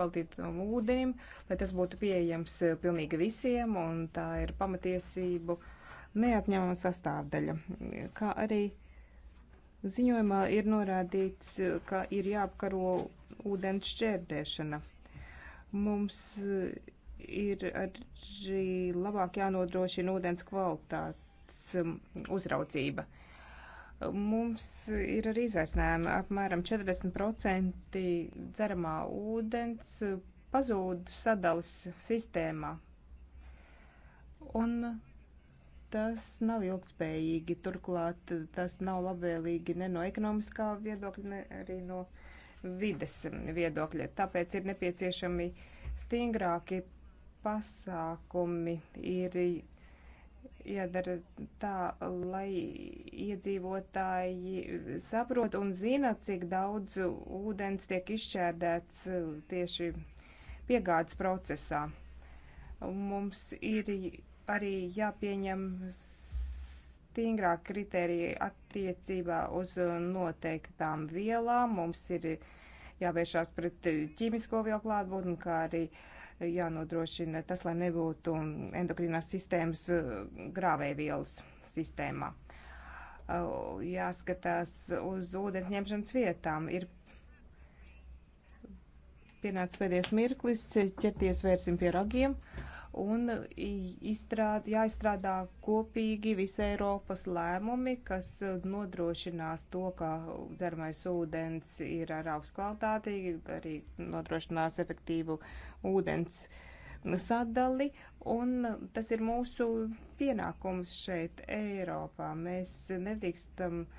kvalitītam ūdenim, lai tas būtu pieejams eh, pilnīgi visiem, un tā ir pamatiesību neatņemama sastāvdaļa. Kā arī ziņojumā ir norādīts, ka ir jāapkaro ūdens šķērdēšana. Mums eh, ir arī labāk jānodrošina ūdens kvalitātes mm, uzraudzība. Uh, mums ir arī izaicinājumi. Apmēram 40% dzeramā ūdens pazūd sadalas sistēmā. Un tas nav ilgspējīgi. Turklāt tas nav labvēlīgi ne no ekonomiskā viedokļa, ne arī no vides viedokļa. Tāpēc ir nepieciešami stingrāki pasākumi. Ir jādara tā, lai iedzīvotāji saprot un zina, cik daudz ūdens tiek izšķērdēts uh, tieši piegādes procesā. Mums ir arī jāpieņem stingrāk kriteriji attiecībā uz noteiktām vielām. Mums ir jāvēršās pret ķīmisko vielu klātbūtni, kā arī uh, jānodrošina tas, lai nebūtu endokrinās sistēmas uh, grāvējvielas sistēmā. Uh, jāskatās uz ūdens ņemšanas vietām. Ir pienācis pēdējais mirklis, ķerties vērsim pie ragiem. Uh, un izstrād, jāizstrādā kopīgi visa Eiropas lēmumi, kas uh, nodrošinās to, ka dzeramais ūdens ir ar augstu kvalitāti, arī nodrošinās efektīvu ūdens sadali, un tas ir mūsu pienākums šeit Eiropā. Mēs nedrīkstam uh,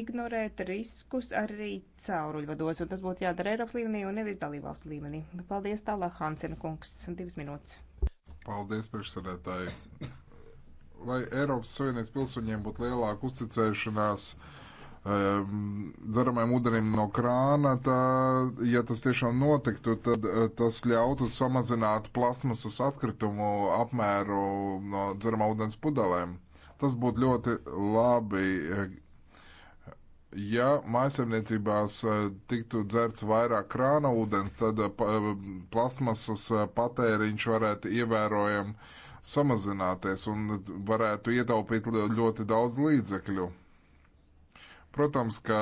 ignorēt riskus arī cauruļvados, un tas būtu jādara Eiropas līmenī un nevis dalībvalstu līmenī. Paldies tālāk, Hansen kungs, divas minūtes. Paldies, priekšsēdētāji. Lai Eiropas Savienības pilsoņiem būtu lielāka uzticēšanās um, dzeramajam ūdenim no krāna, tā, ja tas tiešām notiktu, tad eh, tas ļautu samazināt plasmasas atkritumu apmēru no dzeramā ūdens pudelēm. Tas būtu ļoti labi eh, ja mājasemniecībās eh, tiktu dzerts vairāk krāna ūdens, tad eh, eh, plasmasas patēriņš varētu ievērojami samazināties un varētu ietaupīt ļoti daudz līdzekļu. Protams, ka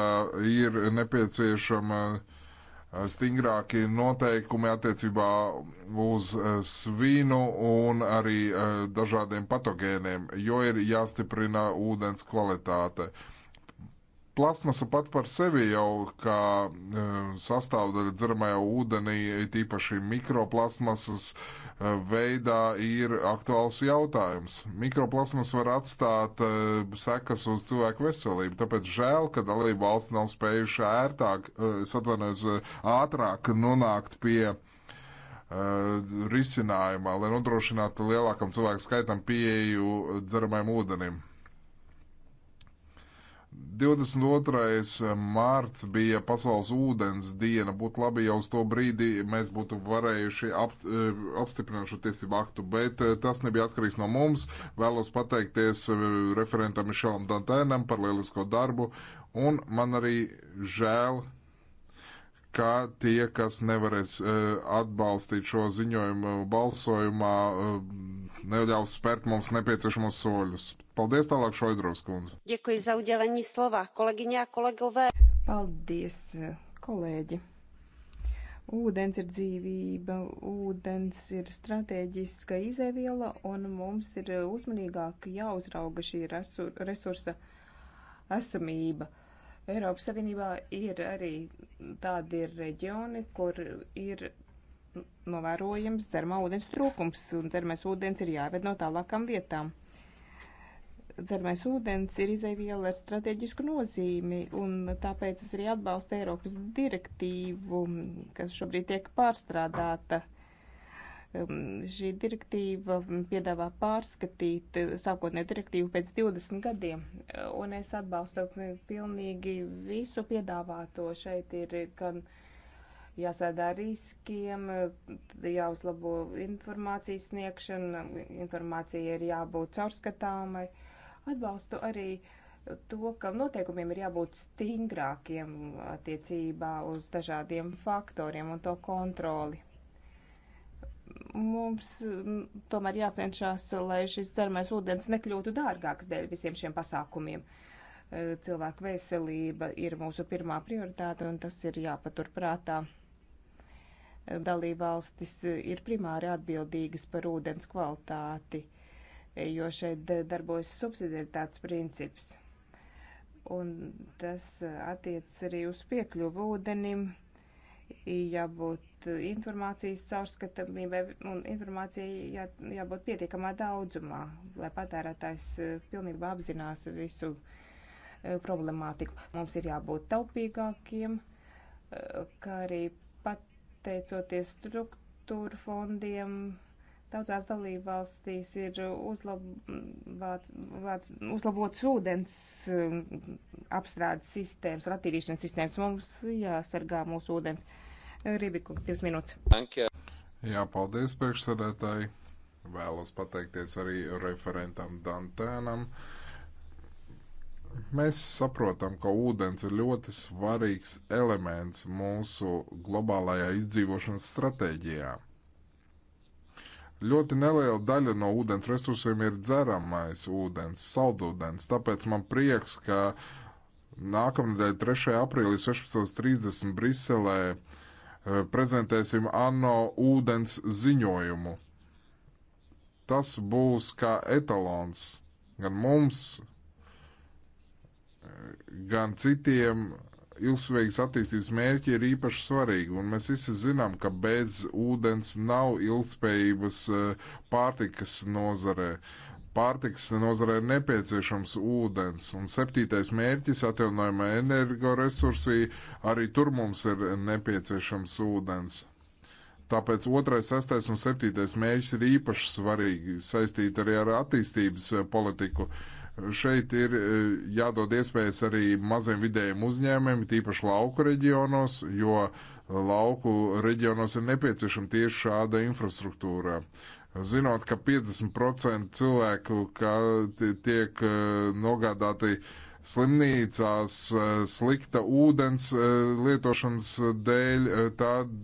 ir nepieciešama stingrāki noteikumi attiecībā uz svinu un arī dažādiem patogēniem, jo ir jāstiprina ūdens kvalitāte. Uh, plasmasa pat par sevi jau kā e, sastāvdaļa dzeramajā ūdenī, e, tīpaši mikroplasmasas e, veidā, ir aktuāls jautājums. Mikroplasmas var atstāt e, sekas uz cilvēku veselību, tāpēc žēl, ka dalība valsts nav spējuši ērtāk, e, satvenēs, e, ātrāk nonākt pie risinājumā, lai nodrošinātu lielākam cilvēku skaitam pieeju dzeramajam ūdenim. 22. mārts bija pasaules ūdens diena. Būtu labi, ja uz to brīdi mēs būtu varējuši ap, eh, apstiprināt šo tiesību aktu, bet eh, tas nebija atkarīgs no mums. Vēlos pateikties eh, referentam Mišelam Dantēnam par lielisko darbu, un man arī žēl, ka tie, kas nevarēs atbalstīt šo ziņojumu balsojumā, neļaus spērt mums nepieciešamos soļus. Paldies tālāk, Šoidrovs kundze. Ďakuj za udelení slova, kolegyņā, kolegovē. Paldies, kolēģi. Ūdens ir dzīvība, ūdens ir strateģiska izēviela, un mums ir uzmanīgāk jāuzrauga šī resursa esamība. Eiropas Savienībā ir arī tādi reģioni, kur ir novērojams dzermā ūdens trūkums, un dzermais ūdens ir jāved no tālākām vietām dzeramais ūdens ir izaiviela ar strateģisku nozīmi, un tāpēc es arī atbalstu Eiropas direktīvu, kas šobrīd tiek pārstrādāta. Um, šī direktīva piedāvā pārskatīt uh, sākotnēju direktīvu pēc 20 gadiem, un es atbalstu pilnīgi visu piedāvāto. Šeit ir gan jāsēdā riskiem, jāuzlabo informācijas sniegšana, informācija ir jābūt caurskatāmai. Uh, Atbalstu arī to, ka noteikumiem ir jābūt stingrākiem attiecībā uz dažādiem faktoriem un to kontroli. Mums tomēr jācenšas, lai šis dzermais ūdens nekļūtu dārgāks dēļ visiem šiem pasākumiem. E, cilvēku veselība ir mūsu pirmā prioritāte, un tas ir jāpaturprātā e, dalībvalstis ir primāri atbildīgas par ūdens kvalitāti jo šeit darbojas subsidiaritātes princips. Un tas uh, attiecas arī uz piekļuvu ūdenim, jābūt uh, informācijas caurskatāmībai un informācijai jā, jābūt pietiekamā daudzumā, lai patērētājs uh, pilnībā apzinās visu problemātiku. Mums ir jābūt taupīgākiem, kā arī pateicoties struktūru fondiem, Daudzās dalībvalstīs ir uh, uzlabots, uzlabots ūdens um, apstrādes sistēmas, ratīrīšanas sistēmas. Mums jāsargā mūsu ūdens. Rībīkungs, divas minūtes. Jā, paldies priekšsēdētāji. Vēlos pateikties arī referentam Dantēnam. Mēs saprotam, ka ūdens ir ļoti svarīgs elements mūsu globālajā izdzīvošanas stratēģijā. Ļoti neliela daļa no ūdens resursiem ir dzeramais ūdens, saldūdens, tāpēc man prieks, ka nākamnedēļ 3. aprīlī 16.30 Briselē eh, prezentēsim ANO ūdens ziņojumu. Tas būs kā etalons gan mums, eh, gan citiem ilgspējīgas attīstības mērķi ir īpaši svarīgi, un mēs visi zinām, ka bez ūdens nav ilgspējības eh, pārtikas nozarē. Pārtikas nozarē ir nepieciešams ūdens, un septītais mērķis - atjaunojama energoresursī, arī tur mums ir nepieciešams ūdens. Tāpēc otrais, sestais un septītais mērķis ir īpaši svarīgi saistīti arī ar attīstības eh, politiku. Uh, Šeit ir e, jādod iespējas arī maziem vidējiem uzņēmumiem, tīpaši lauku reģionos, jo lauku reģionos ir nepieciešama tieši šāda infrastruktūra. Zinot, ka 50% cilvēku ka tiek e, nogādāti slimnīcās e, slikta ūdens lietošanas dēļ, tad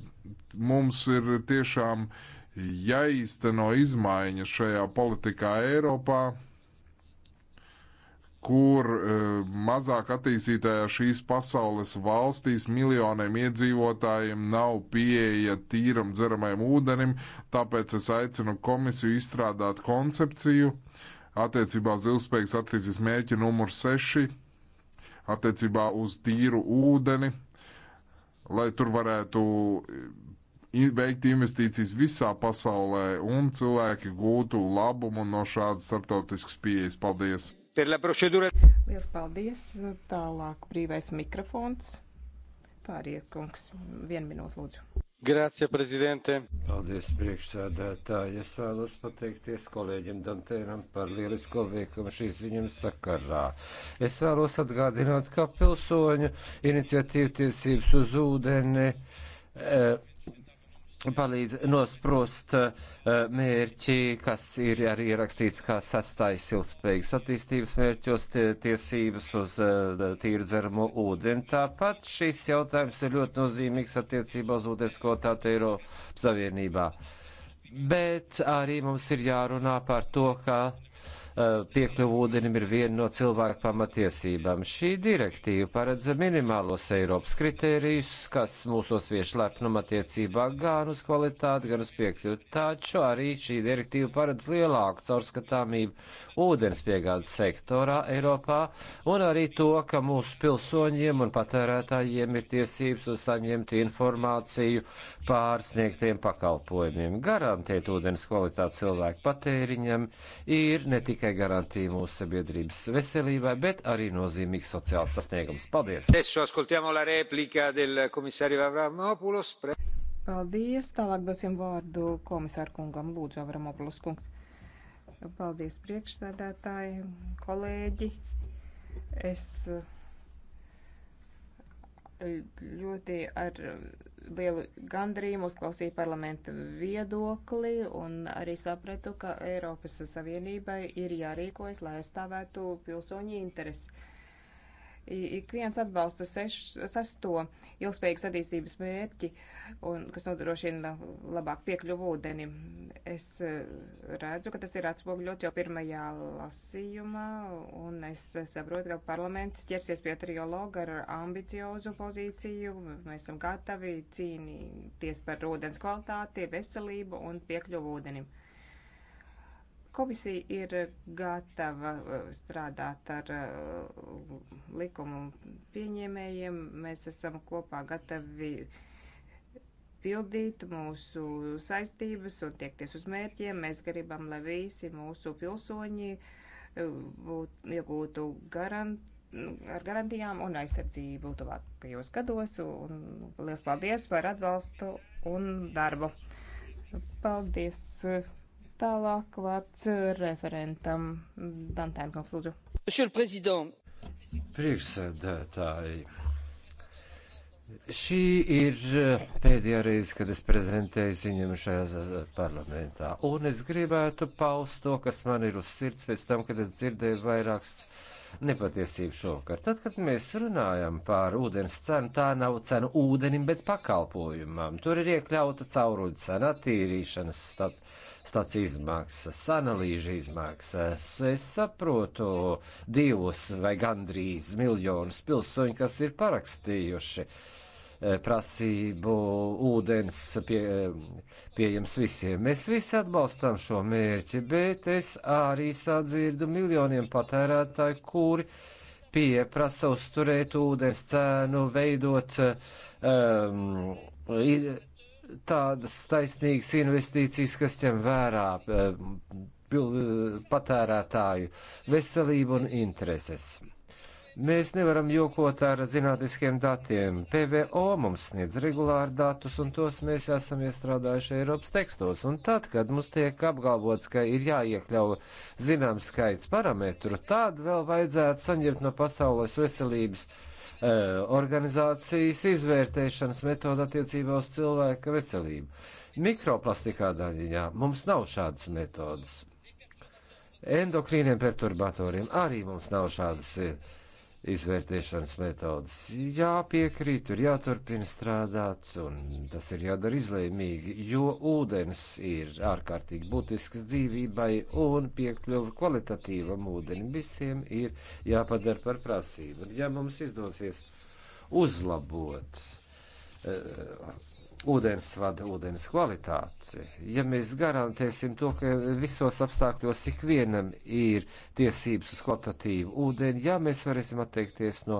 mums ir tiešām jāīsteno izmaiņas šajā politikā Eiropā kur e, mazāk attīstītajā šīs pasaules valstīs miljoniem iedzīvotājiem nav pieeja tīram dzeramajam ūdenim, tāpēc es aicinu komisiju izstrādāt koncepciju attiecībā uz ilgspējīgas attīstības mēķi numur 6 attiecībā uz tīru ūdeni, lai tur varētu veikt investīcijas visā pasaulē un cilvēki gūtu labumu no šādas starptautiskas pieejas. Paldies! Procedura... Lielas paldies. Tālāk brīvais mikrofons. Pāriet, kungs. Vienu minūtu, lūdzu. Grācija, prezidente. Paldies, priekšsēdētāji. Es vēlos pateikties kolēģim Dantēram par lielisko veikumu šīs ziņas sakarā. Es vēlos atgādināt, ka pilsoņu iniciatīva tiesības uz ūdeni. Eh, palīdz nosprost eh, mērķi, kas ir arī ierakstīts kā sastais ilgspējīgas attīstības mērķos tiesības uz eh, tīru dzeramo ūdeni. Tāpat šis jautājums ir ļoti nozīmīgs attiecībā uz ūdens kvotātu Eiropas Savienībā. Bet arī mums ir jārunā par to, ka Eh, piekļuvu ūdenim ir viena no cilvēku pamatiesībām. Šī direktīva paredz minimālos Eiropas kritērijus, kas mūsos vieš lepnuma attiecībā gan uz kvalitāti, gan uz piekļuvu. Taču arī šī direktīva paredz lielāku caurskatāmību ūdens piegādes sektorā Eiropā un arī to, ka mūsu pilsoņiem un patērētājiem ir tiesības uz saņemt informāciju pārsniegtiem pakalpojumiem. Garantēt ūdens kvalitāti cilvēku patēriņam ir ne tikai tikai garantija mūsu sabiedrības veselībai, bet arī nozīmīgs sociāls sasniegums. Paldies! Paldies! Tālāk dosim vārdu komisāru kungam. Lūdzu, Avramopulos kungs. Paldies priekšsēdētāji, kolēģi. Es uh, ļoti ar um, lielu gandrību uzklausīju parlamenta viedokli un arī sapratu, ka Eiropas Savienībai ir jārīkojas, lai aizstāvētu pilsoņu interesi ik viens atbalsta seš, sesto ilgspējīgas attīstības mērķi, un, kas nodrošina labāk piekļuvu ūdenim. Es eh, redzu, ka tas ir atspogļots jau pirmajā lasījumā, un es saprotu, ka parlaments ķersies pie triologa ar ambiciozu pozīciju. Mēs esam gatavi cīnīties par ūdens kvalitāti, veselību un piekļuvu ūdenim. Komisija ir gatava eh, strādāt ar eh, likumu pieņēmējiem. Mēs esam kopā gatavi pildīt mūsu saistības un tiekties uz mērķiem. Mēs gribam, lai visi mūsu pilsoņi eh, būt, iegūtu garant, ar garantijām un aizsardzību tuvākajos gados. Un liels paldies par atbalstu un darbu. Paldies! Tālāk vārds eh, referentam Dantēnkam lūdzu. Priekšsēdētāji. Šī ir eh, pēdējā reize, kad es prezentēju ziņojumu šajā eh, parlamentā, un es gribētu paust to, kas man ir uz sirds pēc tam, kad es dzirdēju vairākas nepatiesību šovakar. Tad, kad mēs runājam par ūdens cenu, tā nav cena ūdenim, bet pakalpojumam. Tur ir iekļauta cauruļu cena, attīrīšanas stat, stats izmaksas, analīžu izmaksas. Es saprotu divus vai gandrīz miljonus pilsoņu, kas ir parakstījuši. Uh, E, prasību ūdens pie, pieejams visiem. Mēs visi atbalstam šo mērķi, bet es arī sadzirdu miljoniem patērētāju, kuri pieprasa uzturēt ūdens cēnu, veidot um, tādas taisnīgas investīcijas, kas ķem vērā um, patērētāju veselību un intereses. Mēs nevaram jokot ar zinātniskiem datiem. PVO mums sniedz regulāri datus, un tos mēs esam iestrādājuši Eiropas tekstos. Un tad, kad mums tiek apgalvots, ka ir jāiekļau zināms skaits parametru, tad vēl vajadzētu saņemt no Pasaules veselības eh, organizācijas izvērtēšanas metodu attiecībā uz cilvēka veselību. Mikroplastikā daļiņā mums nav šādas metodas. Endokrīniem perturbatoriem arī mums nav šādas. Uh, izvērtēšanas metodas. Jā, piekrīt, tur jāturpina strādāt, un tas ir jādara izlēmīgi, jo ūdens ir ārkārtīgi būtisks dzīvībai un piekļuva kvalitatīvam ūdenim. Visiem ir jāpadara par prasību. Un ja mums izdosies uzlabot uh, ūdensvada, ūdens kvalitāti. Ja mēs garantēsim to, ka visos apstākļos ikvienam ir tiesības uz kvalitatīvu ūdeni, ja mēs varēsim atteikties no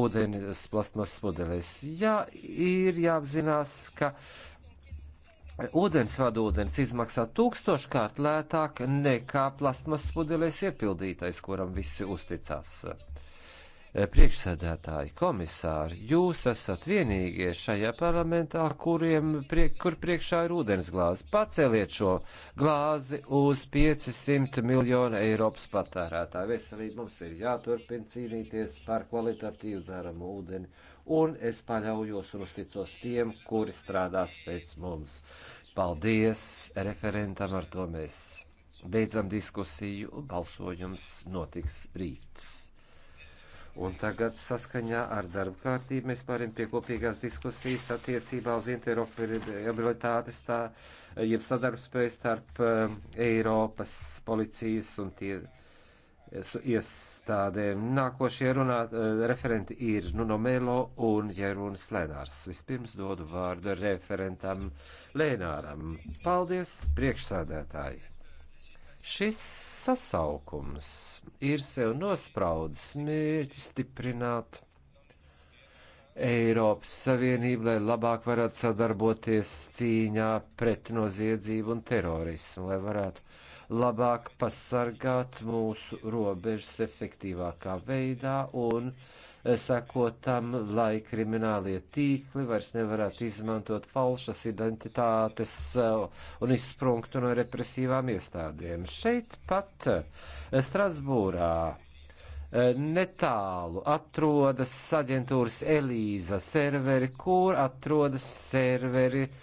ūdens plasmas modelēs, ja ir jāapzinās, ka Ūdensvada ūdens izmaksā tūkstoškārt lētāk nekā plasmas pudelēs iepildītais, kuram visi uzticās. Eh, priekšsēdētāji, komisāri, jūs esat vienīgie šajā parlamentā, kuriem priek, kur priekšā ir ūdensglāze. Paceliet šo glāzi uz 500 miljonu Eiropas patērētāju. Veselība mums ir jāturpina cīnīties par kvalitatīvu dzeramu ūdeni, un es paļaujos un uzticos tiem, kuri strādās pēc mums. Paldies referentam, ar to mēs beidzam diskusiju, un balsojums notiks rīts. Un tagad saskaņā ar darba kārtību mēs pārim pie kopīgās diskusijas attiecībā uz interoperabilitātes tā, jeb sadarbspēju starp um, Eiropas policijas un tie iestādēm. Nākošie runā, uh, referenti ir Nuno Melo un Jerunas Lenārs. Vispirms dodu vārdu referentam Lenāram. Paldies, priekšsādētāji! Šis sasaukums ir sev nospraudis mērķi stiprināt Eiropas Savienību, lai labāk varētu sadarboties cīņā pret noziedzību un terorismu, lai varētu labāk pasargāt mūsu robežas efektīvākā veidā un uh, sakot tam, lai kriminālie tīkli vairs nevarētu izmantot falšas identitātes eh, un izsprungtu no represīvām iestādēm. Šeit pat eh, Strasbūrā eh, netālu atrodas aģentūras Elīza serveri, kur atrodas serveri uh,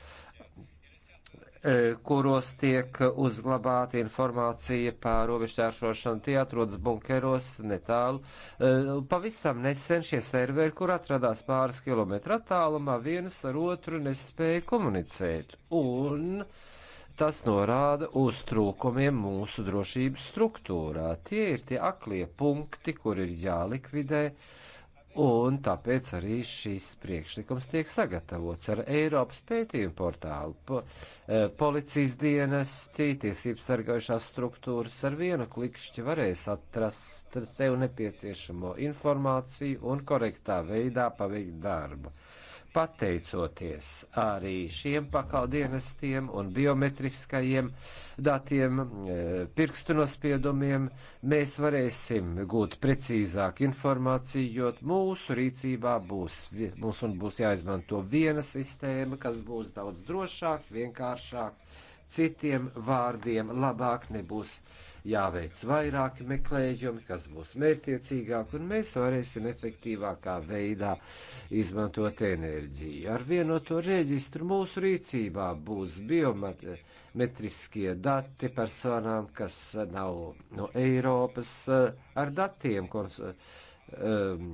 E, kuros tiek uzglabāta informācija par robežķēršošanu. Tie atrodas bunkeros netālu. E, pavisam nesen šie serveri, kur atradās pāris kilometru attālumā, viens ar otru nespēja komunicēt. Un tas norāda uz trūkumiem mūsu drošības struktūrā. Tie ir tie aklie punkti, kur ir jālikvidē Un tāpēc arī šīs priekšlikums tiek sagatavots ar Eiropas pētījumu portālu. Po, e, policijas dienesti, tiesības sargājušās struktūras ar vienu klikšķi varēs atrast sev nepieciešamo informāciju un korektā veidā paveikt darbu. Uh, pateicoties arī šiem pakaldienestiem un biometriskajiem datiem, e, pirkstu nospiedumiem, mēs varēsim gūt precīzāku informāciju, jo mūsu rīcībā būs, mums un būs jāizmanto viena sistēma, kas būs daudz drošāk, vienkāršāk, citiem vārdiem labāk nebūs jāveic vairāki meklējumi, kas būs mērķiecīgāk, un mēs varēsim efektīvākā veidā izmantot enerģiju. Ar vienoto reģistru mūsu rīcībā būs biometriskie dati personām, kas nav no Eiropas, ar datiem. Kons, um,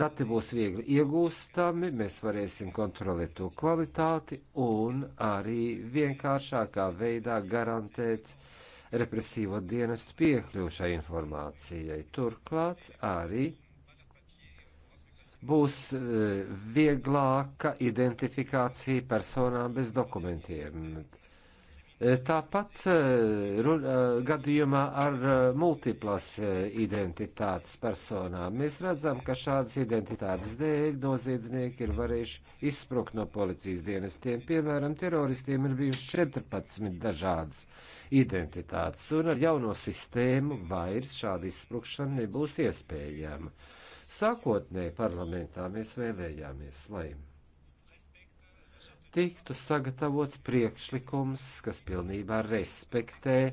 Dati būs viegli iegūstami, mēs varēsim kontrolēt to kvalitāti un arī vienkāršākā veidā garantēt uh, represīvo dienestu piekļūšai informācijai. Turklāt arī būs eh, vieglāka identifikācija personām bez dokumentiem. Tāpat eh, eh, gadījumā ar eh, multiplas identitātes personām mēs redzam, ka šādas identitātes dēļ noziedznieki ir varējuši izsprukt no policijas dienestiem. Piemēram, teroristiem ir bijušas 14 dažādas identitātes, un ar jauno sistēmu vairs šāda izsprukšana nebūs iespējama. Sākotnēji parlamentā mēs vēlējāmies, lai tiktu sagatavots priekšlikums, kas pilnībā respektē e,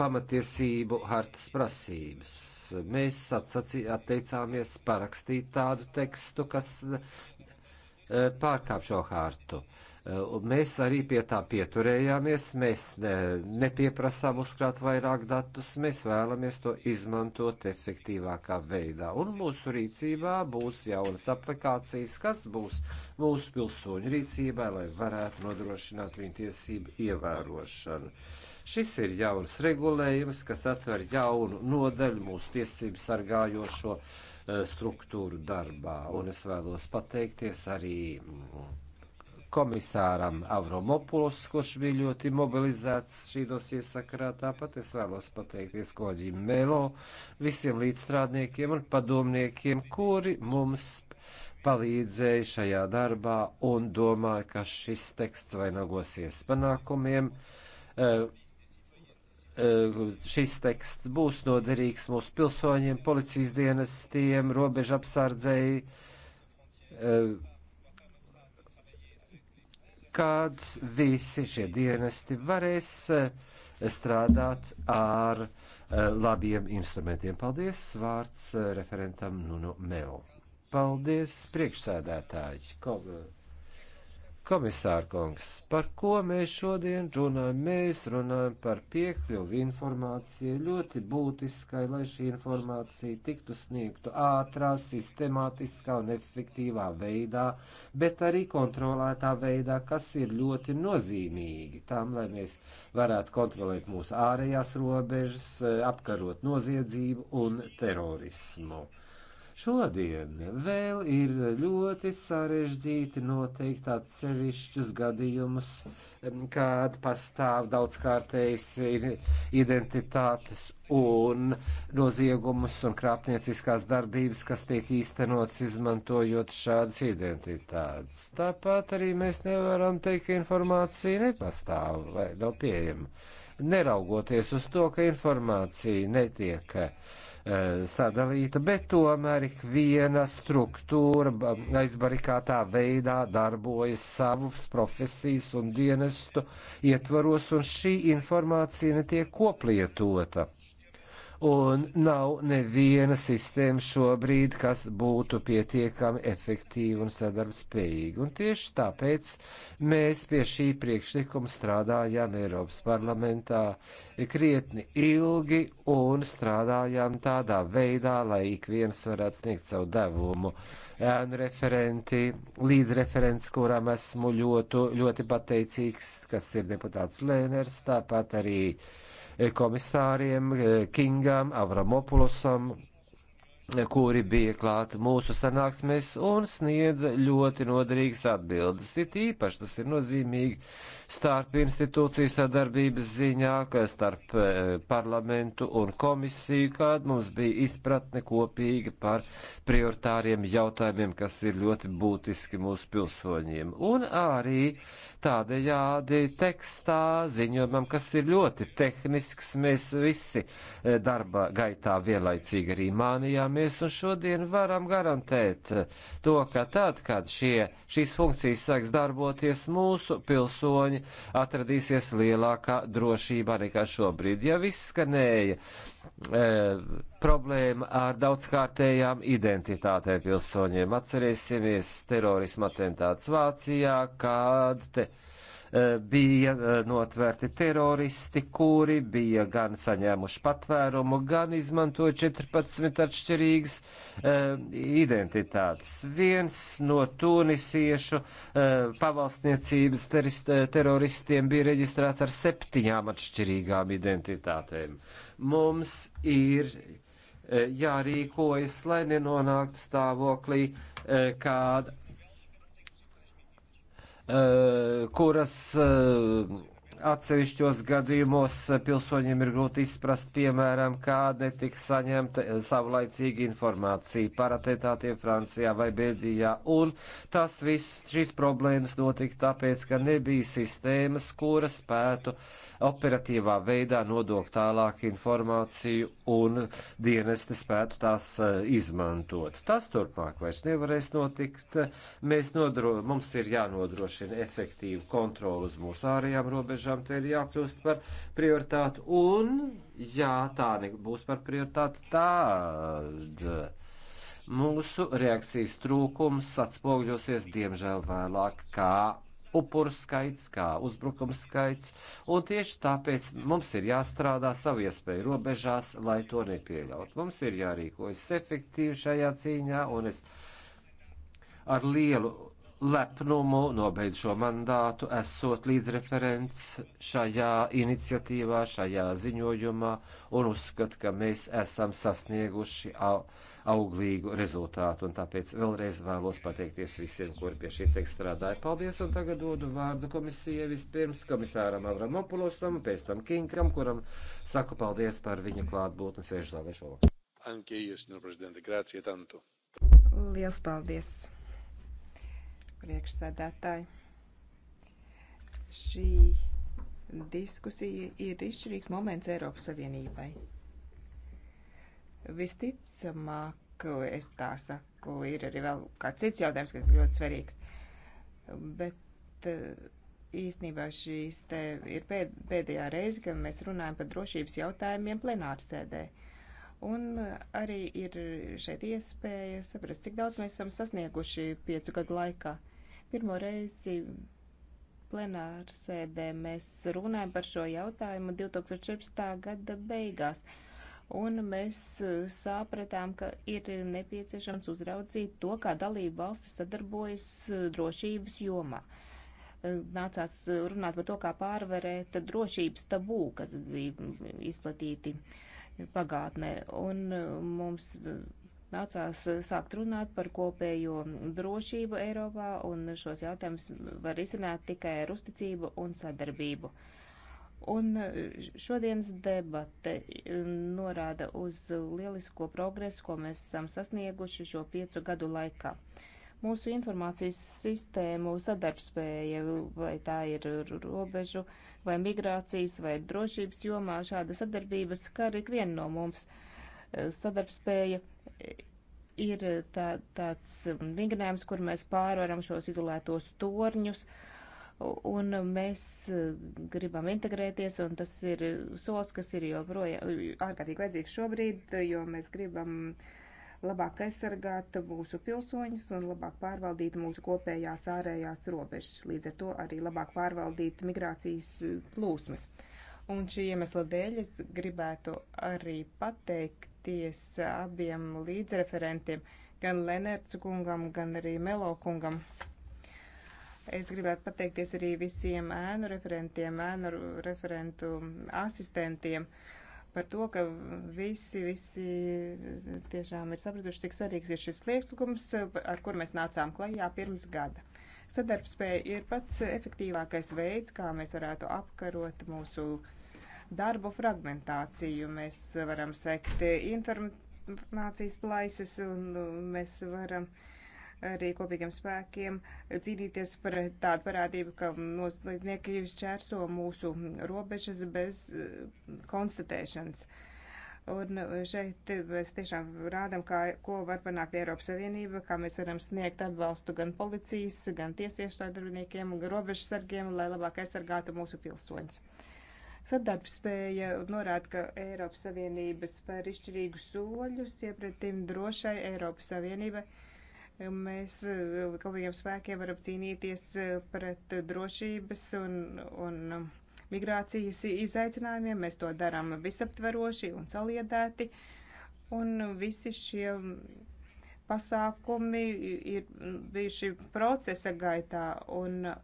pamatiesību hartas prasības. Mēs atteicāmies parakstīt tādu tekstu, kas Eh, pārkāp šo hārtu. Eh, mēs arī pie tā pieturējāmies, mēs ne, nepieprasām uzkrāt vairāk datus, mēs vēlamies to izmantot efektīvākā veidā. Un mūsu rīcībā būs jaunas aplikācijas, kas būs mūsu pilsoņu rīcībā, lai varētu nodrošināt viņu tiesību ievērošanu. Šis ir jauns regulējums, kas atver jaunu nodaļu mūsu tiesību sargājošo uh, Eh, struktūru darbā. Un es vēlos pateikties arī mm, komisāram Avromopulos, kurš bija ļoti mobilizēts šī dosies sakarā. Tāpat es vēlos pateikties koģim Melo, visiem līdzstrādniekiem un padomniekiem, kuri mums palīdzēja šajā darbā un domāju, ka šis teksts vainagosies panākumiem. Uh, Eh, šis teksts būs noderīgs mūsu pilsoņiem, policijas dienestiem, robeža apsardzēji, eh, kad visi šie dienesti varēs eh, strādāt ar labiem instrumentiem. Paldies, vārds referentam Nuno Melo. Paldies, priekšsēdētāji. Ko, Komisārkungs, par ko mēs šodien runājam? Mēs runājam par piekļuvi informācijai, ļoti būtiskai, lai šī informācija tiktu sniegtu ātrā, sistemātiskā un efektīvā veidā, bet arī kontrolētā veidā, kas ir ļoti nozīmīgi tam, lai mēs varētu kontrolēt mūsu ārējās robežas, eh, apkarot noziedzību un terorismu. Šodien vēl ir ļoti sarežģīti noteikt atsevišķus gadījumus, kad pastāv daudzkārtējas identitātes un noziegumus un krāpnieciskās darbības, kas tiek īstenots izmantojot šādas identitātes. Tāpat arī mēs nevaram teikt, ka informācija nepastāv vai nav pieejama. Neraugoties uz to, ka informācija netiek uh, Eh, sadalīta, bet tomēr ik viena struktūra aizbarikātā veidā darbojas savas profesijas un dienestu ietvaros, un šī informācija netiek koplietota un nav neviena sistēma šobrīd, kas būtu pietiekami efektīva un sadarbspējīga. Un tieši tāpēc mēs pie šī priekšlikuma strādājām Eiropas parlamentā krietni ilgi un strādājām tādā veidā, lai ik viens varētu sniegt savu devumu. Un referenti, līdzreferents, kuram esmu ļoti, ļoti pateicīgs, kas ir deputāts Lēners, tāpat arī uh, komisāriem eh, Kingam, Avramopulosam, eh, kuri bija klāt mūsu sanāksmēs un sniedza ļoti noderīgas atbildes. It īpaši tas ir nozīmīgi starp institūciju sadarbības ziņā, starp e, parlamentu un komisiju, kad mums bija izpratne kopīgi par prioritāriem jautājumiem, kas ir ļoti būtiski mūsu pilsoņiem. Un arī tādējādi tekstā ziņojumam, kas ir ļoti tehnisks, mēs visi e, darba gaitā vienlaicīgi arī mānījāmies un šodien varam garantēt e, to, ka tad, kad šie, šīs funkcijas sāks darboties, mūsu pilsoņi pilsoņi atradīsies lielākā drošībā nekā šobrīd. Ja izskanēja e, problēma ar daudzkārtējām identitātēm pilsoņiem, atcerēsimies terorisma atentāts Vācijā, kāds te. Eh, bija eh, notvērti teroristi, kuri bija gan saņēmuši patvērumu, gan izmantoja 14 atšķirīgas eh, identitātes. Viens no tunisiešu pavalsniecības teroristiem bija reģistrēts ar septiņām atšķirīgām identitātēm. Mums ir jārīkojas, lai nenonāktu stāvoklī, kāda Eh, kuras eh, atsevišķos gadījumos pilsoņiem ir grūti izprast, piemēram, kāda netiks saņemta eh, savlaicīga informācija par atentātiem Francijā vai Beļģijā. Un tas viss, šīs problēmas notika tāpēc, ka nebija sistēmas, kuras spētu uh, operatīvā veidā nodot tālāk informāciju un dienesti spētu tās eh, izmantot. Tas turpmāk vairs nevarēs notikt. Mēs nodro, mums ir jānodrošina efektīva kontrola uz mūsu ārējām robežām, te ir jākļūst par prioritātu un, jā, tā nebūs par prioritāti, tāda mūsu reakcijas trūkums atspogļosies diemžēl vēlāk kā upuru skaits, kā uzbrukuma skaits, un tieši tāpēc mums ir jāstrādā savu iespēju robežās, lai to nepieļaut. Mums ir jārīkojas efektīvi šajā cīņā, un es ar lielu lepnumu nobeidz šo mandātu, esot līdzreferents šajā iniciatīvā, šajā ziņojumā, un uzskatu, ka mēs esam sasnieguši auglīgu rezultātu. Un tāpēc vēlreiz vēlos pateikties visiem, kuri pie šī teksta strādāja. Paldies, un tagad dodu vārdu komisijai vispirms komisāram Avramopulosam, pēc tam Kinkam, kuram saku paldies par viņa klātbūtni sviežzālē šovakar. Anche io, signor Presidente, grazie tanto. Liels paldies! priekšsēdētāji. Šī diskusija ir izšķirīgs moments Eiropas Savienībai. Visticamāk, es tā saku, ir arī vēl kāds cits jautājums, kas ir ļoti svarīgs. Bet eh, īstenībā šīs te ir pēd, pēdējā reize, kad mēs runājam par drošības jautājumiem plenārsēdē. Un eh, arī ir šeit iespēja saprast, cik daudz mēs esam sasnieguši piecu gadu laikā. Pirmo reizi plenāra sēdē mēs runājam par šo jautājumu 2014. gada beigās. Un mēs uh, sapratām, ka ir nepieciešams uzraudzīt to, kā dalība valstis sadarbojas uh, drošības jomā. Uh, nācās runāt par to, kā pārvarēt drošības tabū, kas bija izplatīti pagātnē. Un mums nācās eh, sākt runāt par kopējo drošību Eiropā, un šos jautājumus var izsināt tikai ar uzticību un sadarbību. Un eh, šodienas debate eh, norāda uz lielisko progresu, ko mēs esam sasnieguši šo piecu gadu laikā. Mūsu informācijas sistēmu sadarbspēja, vai tā ir robežu, vai migrācijas, vai drošības jomā, šāda sadarbības skar ikvienu no mums sadarbspēja ir tā, tāds vingrinājums, kur mēs pārvaram šos izolētos torņus, un mēs gribam integrēties, un tas ir solis, kas ir joprojām ārkārtīgi vajadzīgs šobrīd, jo mēs gribam labāk aizsargāt mūsu pilsoņus un labāk pārvaldīt mūsu kopējās ārējās robežas, līdz ar to arī labāk pārvaldīt migrācijas plūsmas. Un šī iemesla dēļ es gribētu arī pateikt, pateikties eh, abiem līdzreferentiem, gan Lenerts kungam, gan arī Melo kungam. Es gribētu pateikties arī visiem ēnu referentiem, ēnu referentu asistentiem par to, ka visi, visi eh, tiešām ir sapratuši, cik svarīgs ir šis priekšlikums, eh, ar kur mēs nācām klajā pirms gada. Sadarbspēja ir pats efektīvākais veids, kā mēs varētu apkarot mūsu uh, darbu fragmentāciju. Mēs varam sekt informācijas plaisas un mēs varam arī kopīgiem spēkiem cīnīties par tādu parādību, ka noslēdznieki šķērso mūsu robežas bez eh, konstatēšanas. Un šeit mēs tiešām rādam, kā, ko var panākt Eiropas Savienība, kā mēs varam sniegt atbalstu gan policijas, gan tiesiešā darbiniekiem, gan robežsargiem, lai labāk aizsargātu mūsu pilsoņus. Sadarbspēja norāda, ka Eiropas Savienība spēr izšķirīgus soļus iepretim drošai Eiropas Savienībai. Mēs kopīgiem spēkiem varam cīnīties eh, pret drošības un, un migrācijas izaicinājumiem. Mēs to darām visaptveroši un saliedēti. Un visi šie pasākumi ir bijuši procesa gaitā. Un,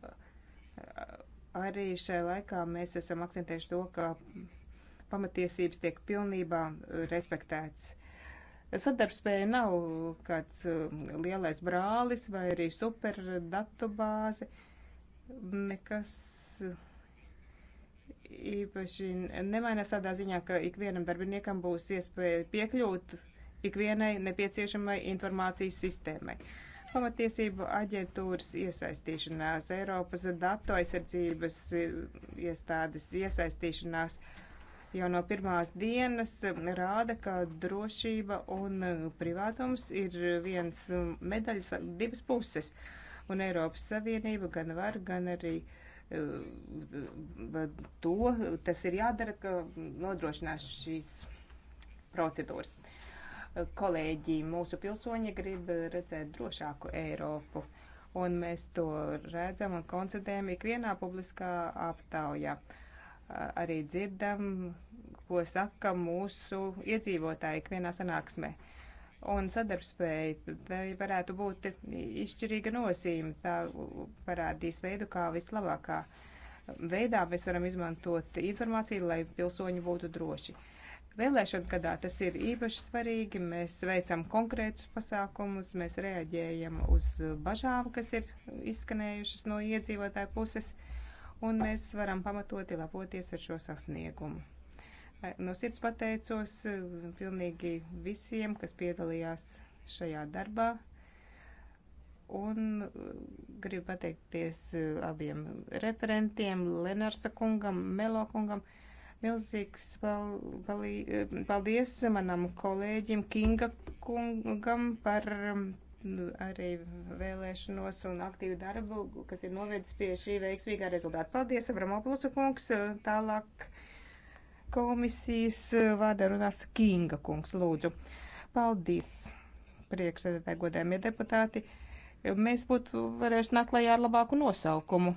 Arī šai laikā mēs esam akcentējuši to, ka pamatiesības tiek pilnībā uh, respektēts. Sadarbspēja nav kāds um, lielais brālis vai arī superdatubāze, nekas uh, īpaši nemainās tādā ziņā, ka ikvienam darbiniekam būs iespēja piekļūt ikvienai nepieciešamai informācijas sistēmai. Uh, Pamatiesību aģentūras iesaistīšanās, Eiropas datu aizsardzības iestādes iesaistīšanās jau no pirmās dienas rāda, ka drošība un privātums ir viens medaļas divas puses. Un Eiropas Savienība gan var, gan arī uh, to, tas ir jādara, ka nodrošinās šīs procedūras. Uh, Kolēģi, mūsu pilsoņi grib redzēt drošāku Eiropu, un mēs to redzam un konstatējam ikvienā publiskā aptaujā. Arī dzirdam, ko saka mūsu iedzīvotāji ikvienā sanāksmē un sadarbspēja. Tai varētu būt izšķirīga nozīme. Tā parādīs veidu, kā vislabākā veidā mēs varam izmantot informāciju, lai pilsoņi būtu droši. Vēlēšana gadā tas ir īpaši svarīgi. Mēs veicam konkrētus pasākumus, mēs reaģējam uz bažām, kas ir izskanējušas no iedzīvotāju puses, un mēs varam pamatoti lepoties ar šo sasniegumu. No sirds pateicos eh, pilnīgi visiem, kas piedalījās šajā darbā, un eh, gribu pateikties eh, abiem referentiem, Lenarsa kungam, Melo kungam. Milzīgs paldies manam kolēģim Kinga kungam par um, arī vēlēšanos un aktīvu darbu, kas ir novedis pie šī veiksmīgā rezultāta. Paldies, Abramopulusa kungs. Tālāk komisijas vārdā runās Kinga kungs, lūdzu. Paldies, priekšsēdētāji, godējumie deputāti. Mēs būtu varējuši nākt klajā ar labāku nosaukumu.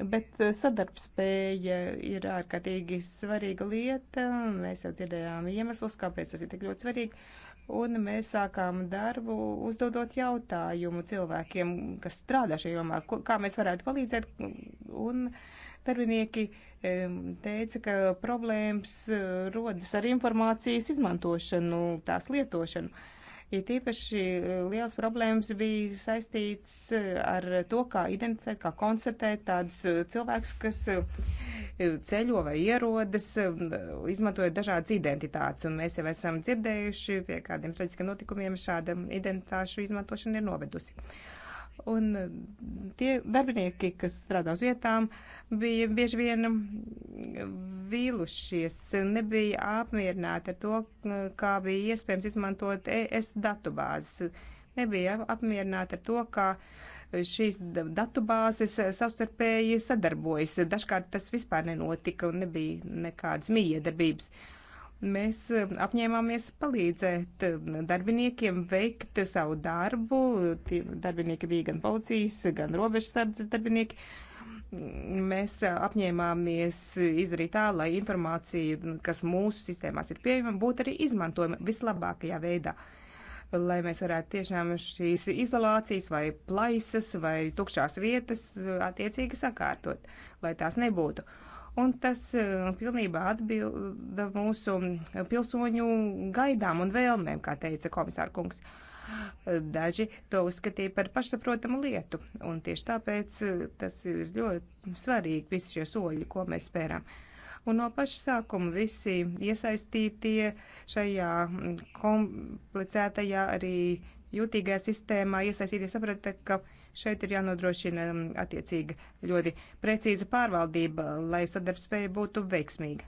Bet eh, sadarbspēja ir ārkārtīgi svarīga lieta. Mēs jau dzirdējām iemeslus, kāpēc tas ir tik ļoti svarīgi. Un mēs sākām darbu uzdodot jautājumu cilvēkiem, kas strādā šajā jomā, kā mēs varētu palīdzēt. Un darbinieki teica, ka problēmas eh, rodas ar informācijas izmantošanu, tās lietošanu. Ir ja tīpaši e, liels problēmas bija saistīts e, ar to, kā identificēt, kā konstatēt tādus e, cilvēkus, kas ceļo vai ierodas, izmantojot dažādas identitātes. Un mēs jau esam dzirdējuši pie kādiem traģiskiem notikumiem šāda identitāšu izmantošana ir novedusi. Un e, tie darbinieki, kas strādā uz vietām, bija bieži vien vīlušies, nebija apmierināti ar to, e, kā bija iespējams izmantot ES datubāzes. Nebija apmierināti ar to, kā šīs datubāzes savstarpēji sadarbojas. Dažkārt tas vispār nenotika un nebija nekādas mīja darbības. Uh, mēs eh, apņēmāmies palīdzēt eh, darbiniekiem veikt savu darbu. Tie darbinieki bija gan policijas, gan robežsardzes darbinieki. Mēs eh, apņēmāmies izdarīt tā, lai informācija, kas mūsu sistēmās ir pieejama, būtu arī izmantojama vislabākajā veidā, lai mēs varētu tiešām šīs izolācijas vai plaisas vai tukšās vietas attiecīgi sakārtot, lai tās nebūtu. Uh, un tas eh, pilnībā atbilda mūsu eh, pilsoņu gaidām un vēlmēm, kā teica komisāra kungs. Daži to uzskatīja par pašsaprotamu lietu, un tieši tāpēc eh, tas ir ļoti svarīgi, visi šie soļi, ko mēs spērām. Un no paša sākuma visi iesaistītie šajā mm, komplicētajā arī jūtīgajā sistēmā iesaistītie saprata, ka uh, Šeit ir jānodrošina um, attiecīga ļoti precīza pārvaldība, lai sadarbspēja būtu veiksmīga.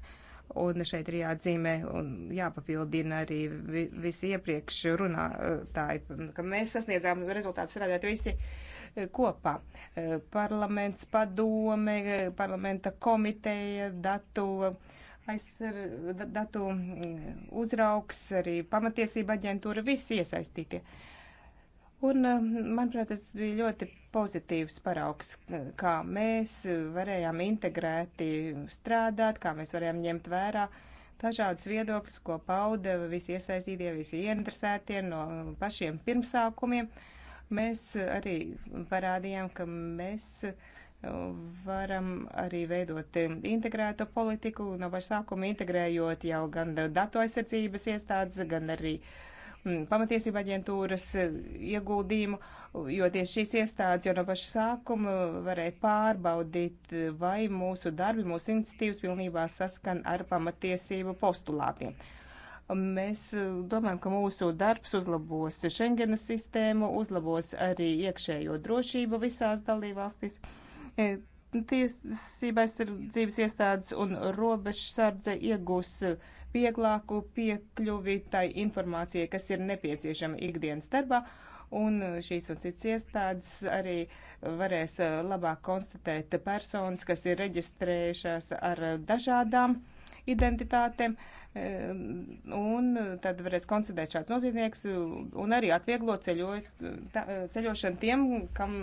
Un šeit ir jāatzīmē un jāpapildina arī visi iepriekš runātāji, um, ka mēs sasniedzām rezultātus strādāt visi uh, kopā. Uh, parlaments, padome, uh, parlamenta komiteja, datu aizsardz datu mm, uzraugs, arī pamatiesība aģentūra, visi iesaistītie. Uh, Un, um, manuprāt, tas bija ļoti pozitīvs paraugs, kā mēs varējām integrēti strādāt, kā mēs varējām ņemt vērā dažādus viedokļus, ko pauda visi iesaistītie, visi ieinteresētie no pašiem pirmsākumiem. Mēs arī parādījām, ka mēs uh, varam arī veidot integrēto politiku, no paša sākuma integrējot jau gan datu aizsardzības iestādes, gan arī uh, Mm, pamatiesība aģentūras eh, ieguldījumu, jo tieši šīs iestādes jau no paša sākuma varēja pārbaudīt, eh, vai mūsu darbi, mūsu iniciatīvas pilnībā saskan ar pamatiesību postulātiem. Mēs eh, domājam, ka mūsu darbs uzlabos Schengena sistēmu, uzlabos arī iekšējo drošību visās dalībvalstīs tiesībās ir dzīves iestādes un robežsardze iegūs uh, vieglāku piekļuvi tai informācijai, kas ir nepieciešama ikdienas darbā, un šīs un citas iestādes arī varēs eh, labāk konstatēt personas, kas ir reģistrējušās ar dažādām identitātēm, eh, un tad varēs konstatēt šāds noziedznieks un arī atvieglot ceļo, ceļošanu tiem, kam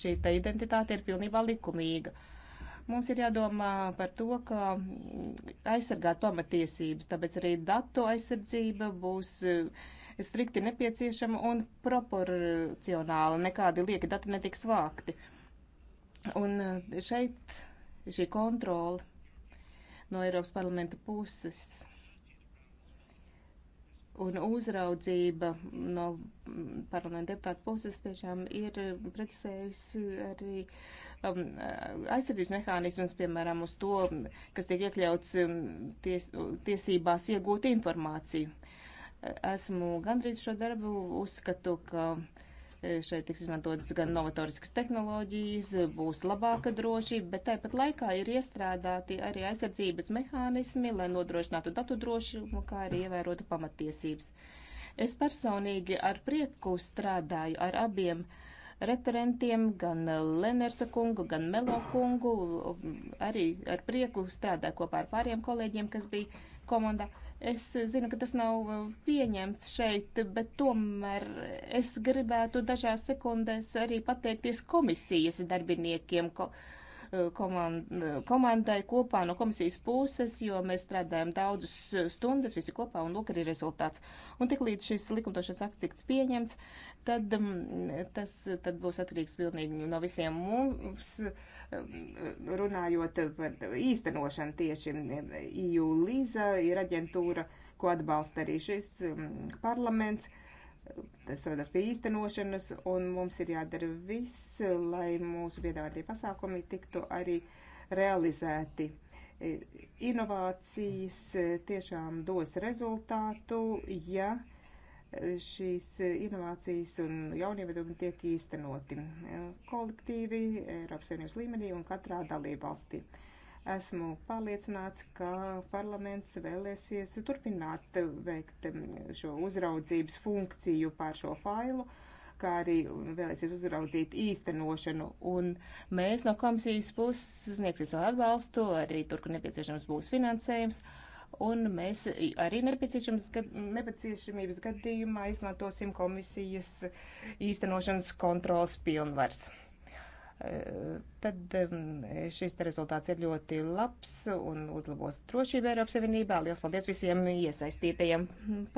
šī identitāte ir pilnībā likumīga. Mums ir jādomā par to, kā aizsargāt pamatiesības, tāpēc arī datu aizsardzība būs eh, strikti nepieciešama un proporcionāla, nekādi lieki dati netiks vākti. Un eh, šeit šī kontrola no Eiropas parlamenta puses un uzraudzība no mm, parlamenta deputāta puses tiešām ir precizējusi arī uh, Um, aizsardzības mehānisms, piemēram, uz to, kas tiek iekļauts um, ties, tiesībās iegūt informāciju. Esmu gandrīz šo darbu uzskatu, ka e, šeit tiks izmantotas gan novatoriskas tehnoloģijas, būs labāka drošība, bet tāpat laikā ir iestrādāti arī aizsardzības mehānismi, lai nodrošinātu datu drošumu, kā arī ievērotu pamatiesības. Es personīgi ar prieku strādāju ar abiem uh, referentiem, gan Lenersa kungu, gan Melo kungu. Arī ar prieku strādāju kopā ar pāriem kolēģiem, kas bija komandā. Es zinu, ka tas nav pieņemts šeit, bet tomēr es gribētu dažās sekundēs arī pateikties komisijas darbiniekiem. Ko komandai kopā no komisijas puses, jo mēs strādājam daudzas stundas visi kopā, un lūk arī rezultāts. Un tik līdz šis likumdošanas akts tiks pieņemts, tad mm, tas tad būs atkarīgs pilnīgi no visiem mums, runājot par īstenošanu tieši mm, EU Līza ir aģentūra, ko atbalsta arī šis mm, parlaments. Tas radās pie īstenošanas, un mums ir jādara viss, lai mūsu piedāvātie pasākumi tiktu arī realizēti. Inovācijas tiešām dos rezultātu, ja uh, šīs inovācijas un jaunievedumi tiek īstenoti kolektīvi Eiropas Savienības līmenī un katrā dalībvalstī. Esmu pārliecināts, ka parlaments vēlēsies turpināt veikt šo uzraudzības funkciju pār šo failu, kā arī vēlēsies uzraudzīt īstenošanu. Un mēs no komisijas puses sniegsim savu atbalstu, arī tur, kur nepieciešams būs finansējums. Uh, Un mēs arī gad, nepieciešamības gadījumā izmantosim komisijas īstenošanas kontrolas pilnvars. E, tad šis rezultāts ir ļoti labs un uzlabos drošību Eiropas Savienībā. Lielas paldies visiem iesaistītajiem.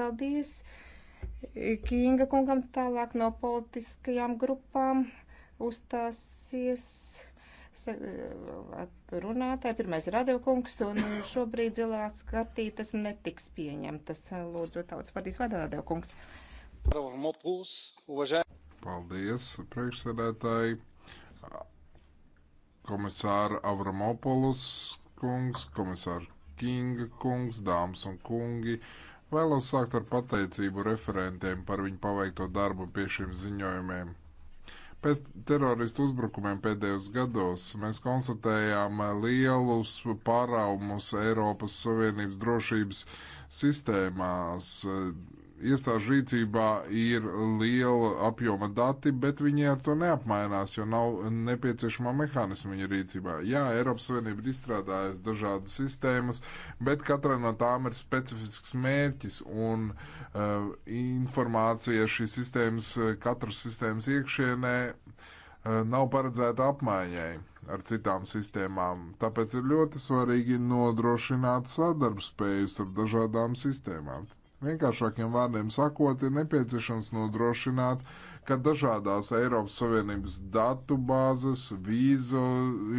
Paldies e, Kinga kungam tālāk no politiskajām grupām uzstāsies. Eh, runātāji. Pirmais ir Radeokungs, un šobrīd zilās kartītes netiks pieņemtas. Lūdzu, tautas partijas vadā Radeokungs. Paldies, priekšsēdētāji. Komisāra Avramopolus kungs, komisāra Kinga kungs, dāmas un kungi. Vēlos sākt ar pateicību referentiem par viņu paveikto darbu pie šiem ziņojumiem Pēc teroristu uzbrukumiem pēdējos gados mēs konstatējām eh, lielus pārāvumus Eiropas Savienības drošības sistēmās, eh, iestāžu rīcībā ir liela apjoma dati, bet viņi ar to neapmainās, jo nav nepieciešamā mehānisma viņa rīcībā. Jā, Eiropas Savienība ir izstrādājusi dažādas sistēmas, bet katrai no tām ir specifisks mērķis un uh, informācija šīs sistēmas, katras sistēmas iekšienē uh, nav paredzēta apmaiņai ar citām sistēmām, tāpēc ir ļoti svarīgi nodrošināt sadarbspējas ar dažādām sistēmām. Vienkāršākiem vārdiem sakot, ir nepieciešams nodrošināt, ka dažādās Eiropas Savienības datu bāzes, vīzu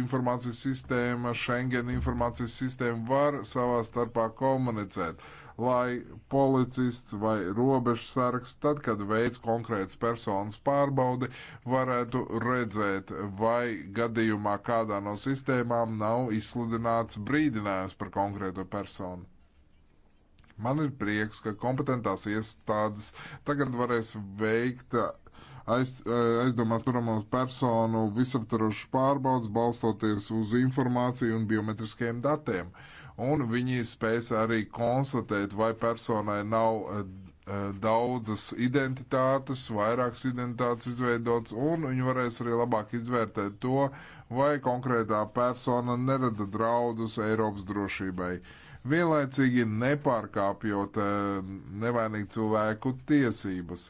informācijas sistēma, Schengen informācijas sistēma var savā starpā komunicēt, lai policists vai robežsargs, tad, kad veids konkrēts personas pārbaudi, varētu redzēt, vai gadījumā kādā no sistēmām nav izsludināts brīdinājums par konkrēto personu. Man ir prieks, ka kompetentās iestādes tagad varēs veikt uh, aiz, uh, aizdomās turamos personu visaptvarošu pārbaudas, balstoties uz informāciju un biometriskajiem datiem. Un viņi spēs arī konstatēt, vai personai nav uh, daudzas identitātes, vairākas identitātes izveidotas, un viņi varēs arī labāk izvērtēt to, vai konkrētā persona nerada draudus Eiropas drošībai. Uh, vienlaicīgi nepārkāpjot eh, nevainīgu cilvēku tiesības,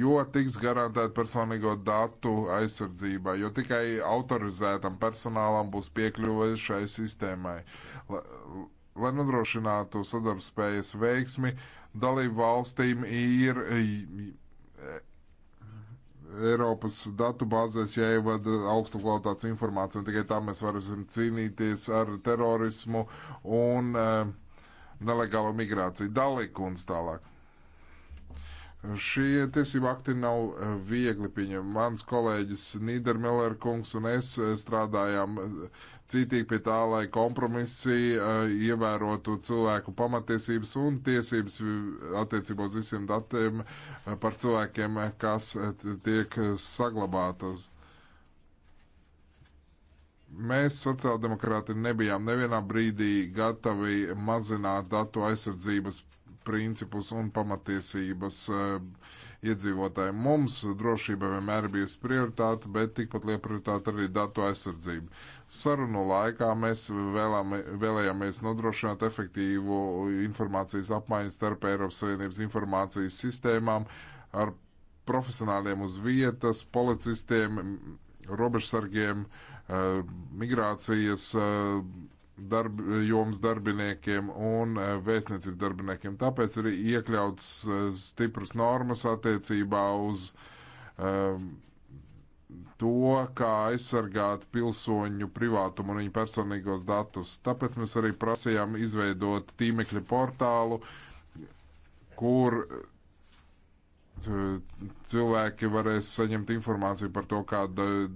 jo tiks garantēta personīgo datu aizsardzība, jo tikai autorizētam personālam būs piekļuve šai sistēmai. Lai, lai nodrošinātu sadarbspējas veiksmi, dalību valstīm ir Eiropas datu bāzēs jāievada augstu kvalitātes informācija, un tikai tā mēs varēsim cīnīties ar terorismu un uh, nelegālo migrāciju. Dalīkums tālāk. Šie tiesību akti nav eh, viegli pieņem. Mans kolēģis Nīdermiller kungs un es eh, strādājām eh, cītīgi pie tā, lai kompromisi ievērotu cilvēku pamatiesības un tiesības attiecībā uz visiem datiem par cilvēkiem, kas tiek saglabātas mēs, sociāldemokrāti, nebijām nevienā brīdī gatavi mazināt datu aizsardzības principus un pamatiesības eh, iedzīvotājiem. Mums drošība vienmēr bijusi prioritāte, bet tikpat liela prioritāte arī datu aizsardzība. Sarunu laikā mēs vēlāmi, vēlējāmies nodrošināt efektīvu informācijas apmaiņu starp Eiropas Savienības informācijas sistēmām ar profesionāļiem uz vietas, policistiem, robežsargiem, eh, migrācijas eh, darb, joms darbiniekiem un e, vēstniecību darbiniekiem. Tāpēc arī iekļauts e, stipras normas attiecībā uz um, to, kā aizsargāt pilsoņu privātumu un viņu personīgos datus. Tāpēc mēs arī prasījām izveidot tīmekļa portālu, kur cilvēki varēs saņemt informāciju par to, kā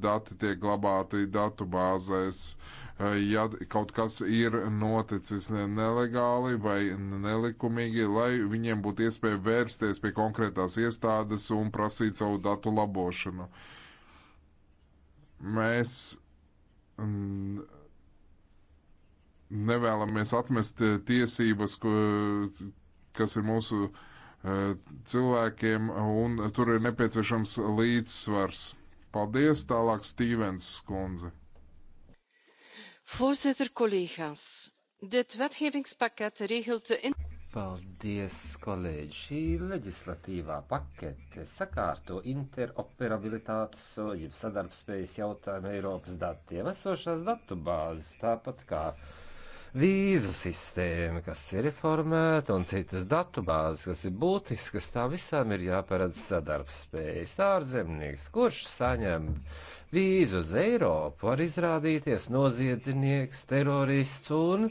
dati tiek glabāti datubāzēs. Uh, ja kaut kas ir noticis nelegāli vai nelikumīgi, lai viņiem būtu iespēja vērsties pie konkrētās iestādes un prasīt savu datu labošanu. Mēs nevēlamies atmest tiesības, kas ir mūsu cilvēkiem, un tur ir nepieciešams līdzsvars. Paldies, tālāk Stīvens skundze. Voorzitter, collega's. Dit wetgevingspakket regelt de. In... Paldies, kolēģi! Šī leģislatīvā pakete sakārto interoperabilitātes, jeb sadarbspējas jautājumu Eiropas datiem esošās datu bāzes, tāpat kā uh, vīzu sistēma, kas ir reformēta, un citas datubāzes, kas ir būtiskas, tām visām ir jāparedz sadarbspējas. Ārzemnieks, kurš saņem vīzu uz Eiropu, var izrādīties noziedznieks, terorists un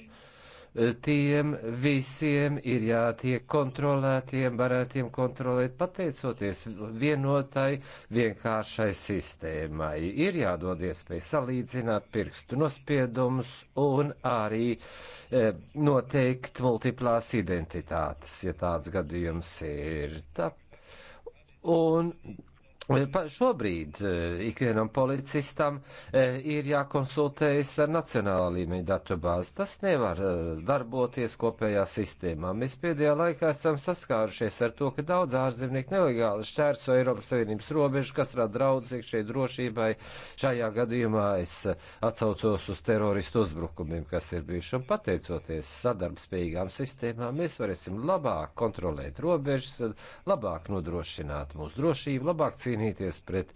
tiem visiem ir jātiek kontrolētiem, varētiem kontrolēt pateicoties vienotai vienkāršai sistēmai. Ir jādod iespēja salīdzināt pirkstu nospiedumus un arī e, noteikt multiplās identitātes, ja tāds gadījums ir. Tā. Un Eh, pa šobrīd eh, ikvienam policistam eh, ir jākonsultējas ar nacionālā līmeņa datubāzi. Tas nevar darboties kopējā sistēmā. Mēs pēdējā laikā esam saskārušies ar to, ka daudz ārzemnieku nelegāli šķērso Eiropas Savienības robežu, kas rada draudz iekšēji drošībai. Šajā gadījumā es atsaucos uz teroristu uzbrukumiem, kas ir bijuši, un pateicoties sadarbspējīgām sistēmām, mēs varēsim labāk kontrolēt robežas, labāk nodrošināt mūsu drošību, labāk cīnīties cīnīties pret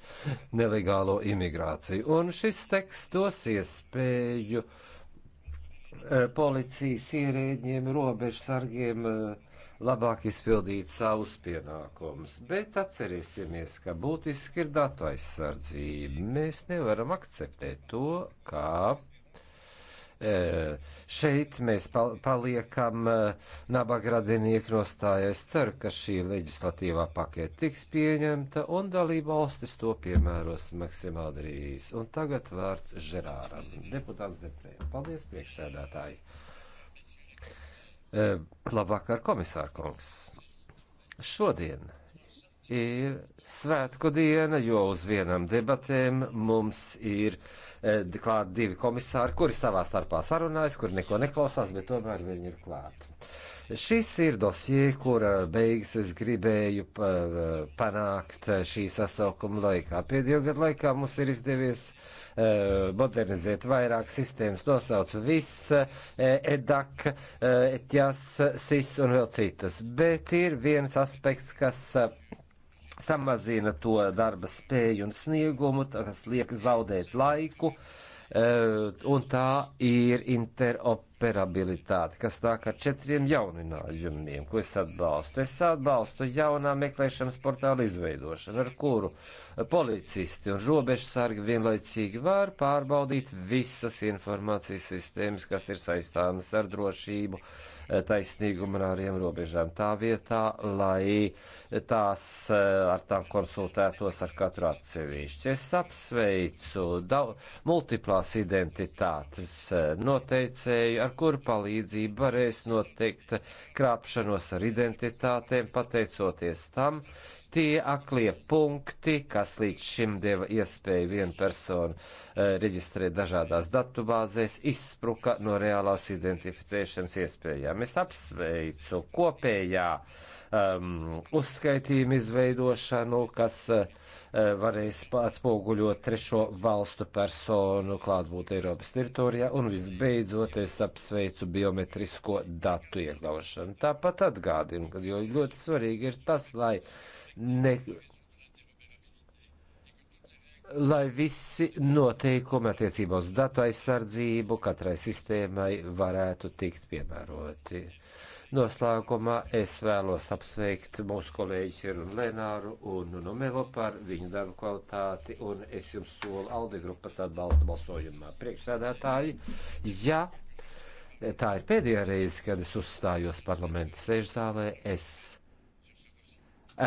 nelegālo imigrāciju. Un šis teksts dos iespēju eh, policijas ierēģiem, robežsargiem eh, labāk izpildīt savus pienākumus. Bet atcerēsimies, ka būtiski ir datu aizsardzība. Mēs nevaram akceptēt to, kā ka šeit mēs paliekam nabaga radinieki nostājā. Es ceru, ka šī leģislatīvā pakete tiks pieņemta un dalība valstis to piemēros maksimāli drīz. Un tagad vārds Žerāram, deputāts Deprēm. Paldies, priekšsēdētāji! Labvakar, komisārkungs! Šodien ir svētku diena, jo uz vienam debatēm mums ir e, klāt divi komisāri, kuri savā starpā sarunājas, kur neko neklausās, bet tomēr viņi ir klāt. Šis ir dosie, kura beigas es gribēju pa, panākt šī sasaukuma laikā. Pēdējo gadu laikā mums ir izdevies e, modernizēt vairāk sistēmas, nosaukt viss, EDAK, ETJAS, e, e SIS un vēl citas. Bet ir viens aspekts, kas samazina to darba spēju un sniegumu, kas liek zaudēt laiku, eh, un tā ir interoperabilitāte interoperabilitāti, kas nāk ar četriem jauninājumiem, ko es atbalstu. Es atbalstu jaunā meklēšanas portāla izveidošanu, ar kuru policisti un robežsargi vienlaicīgi var pārbaudīt visas informācijas sistēmas, kas ir saistāmas ar drošību, taisnīgumu un āriem robežām. Tā vietā, lai tās ar tām konsultētos ar katru atsevišķi. Es apsveicu multiplās identitātes noteicēju ar kuru palīdzību varēs noteikt krāpšanos ar identitātēm, pateicoties tam, tie aklie punkti, kas līdz šim deva iespēju vienu personu e, reģistrēt dažādās datubāzēs, izspruka no reālās identificēšanas iespējām. Es apsveicu kopējā uh, um, uzskaitījumu izveidošanu, kas uh, varēs atspoguļot trešo valstu personu klātbūt Eiropas teritorijā, un visbeidzot es apsveicu biometrisko datu iekļaušanu. Tāpat atgādinu, ka ļoti svarīgi ir tas, lai ne, lai visi noteikumi attiecībā uz datu aizsardzību katrai sistēmai varētu tikt piemēroti. Noslēgumā es vēlos apsveikt mūsu kolēģis Irunu Lenāru un Numelo par viņu darbu kvalitāti, un es jums solu Alde grupas atbalstu balsojumā. Priekšsēdētāji, ja tā ir pēdējā reize, kad es uzstājos parlamenta sēžzālē, es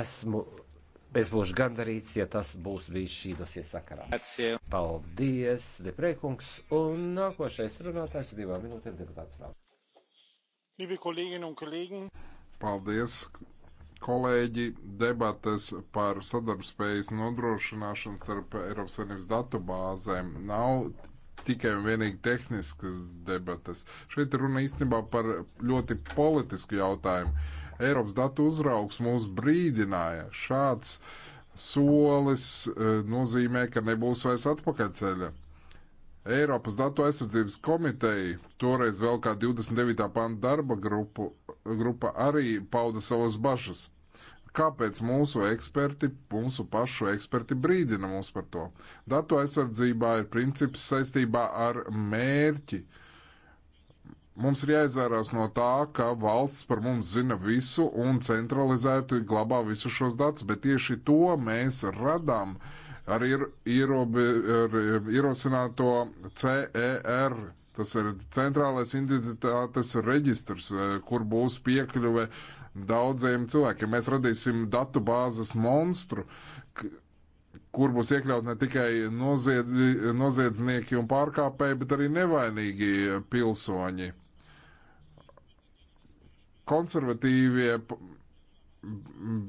esmu. Es būšu gandarīts, ja tas būs bijis šī dosie sakarā. Paldies, Deprēkungs, un nākošais runātājs divām minūtēm deputāts Frāns. Liebe Kolleginnen un Kollegen! Paldies, kolēģi! Debates par sadarbspējas nodrošināšanu starp Eiropas Savienības datubāzēm nav tikai un vienīgi tehniskas debates. Šeit runa īstenībā par ļoti politisku jautājumu. Eiropas datu uzraugs mūs brīdināja. Šāds solis eh, nozīmē, ka nebūs vairs atpakaļceļa Eiropas Datu aizsardzības komiteja, toreiz vēl kā 29. panta darba grupu, grupa, arī pauda savas bažas. Kāpēc mūsu eksperti, mūsu pašu eksperti brīdina mūs par to? Datu aizsardzībā ir princips saistībā ar mērķi. Mums ir jāizvērās no tā, ka valsts par mums zina visu un centralizēti glabā visus šos datus, bet tieši to mēs radām uh, ar, ir, ierobi, ar ierosināto CER. Tas ir centrālais identitātes reģistrs, eh, kur būs piekļuve daudziem cilvēkiem. Mēs radīsim datu bāzes monstru, kur būs iekļaut ne tikai noziedzi, noziedznieki un pārkāpēji, bet arī nevainīgi pilsoņi. Konservatīvie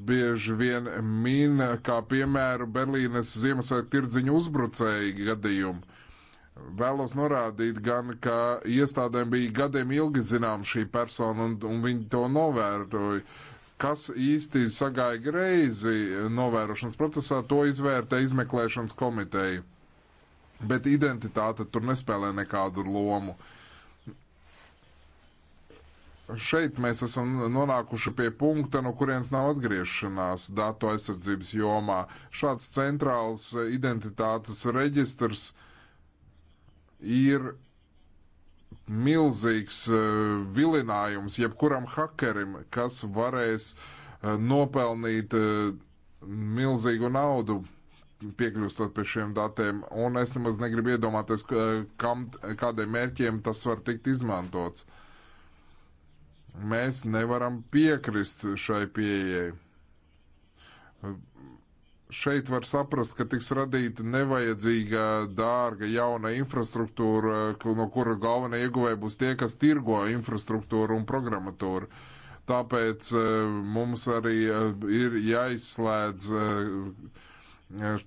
bieži vien min kā piemēru Berlīnes Ziemassvētku tirdziņu uzbrucēju gadījumu. Vēlos norādīt gan, ka iestādēm bija gadiem ilgi zinām šī persona un, un viņi to novērtoja. Kas īsti sagāja greizi novērošanas procesā, to izvērtē izmeklēšanas komiteja. Bet identitāte tur nespēlē nekādu lomu. Uh, Šeit mēs esam nonākuši pie punkta, no kurienes nav atgriešanās datu aizsardzības jomā. Šāds centrāls identitātes reģistrs ir milzīgs eh, vilinājums jebkuram hakerim, kas varēs eh, nopelnīt eh, milzīgu naudu piekļūstot pie šiem datiem, un es nemaz negribu iedomāties, kam, kādiem mērķiem tas var tikt izmantots. Mēs nevaram piekrist šai pieejai. Šeit var saprast, ka tiks radīta nevajadzīga, dārga, jauna infrastruktūra, no kura galvenā ieguvēja būs tie, kas tirgo infrastruktūru un programmatūru. Tāpēc e, mums arī e, ir jāizslēdz e,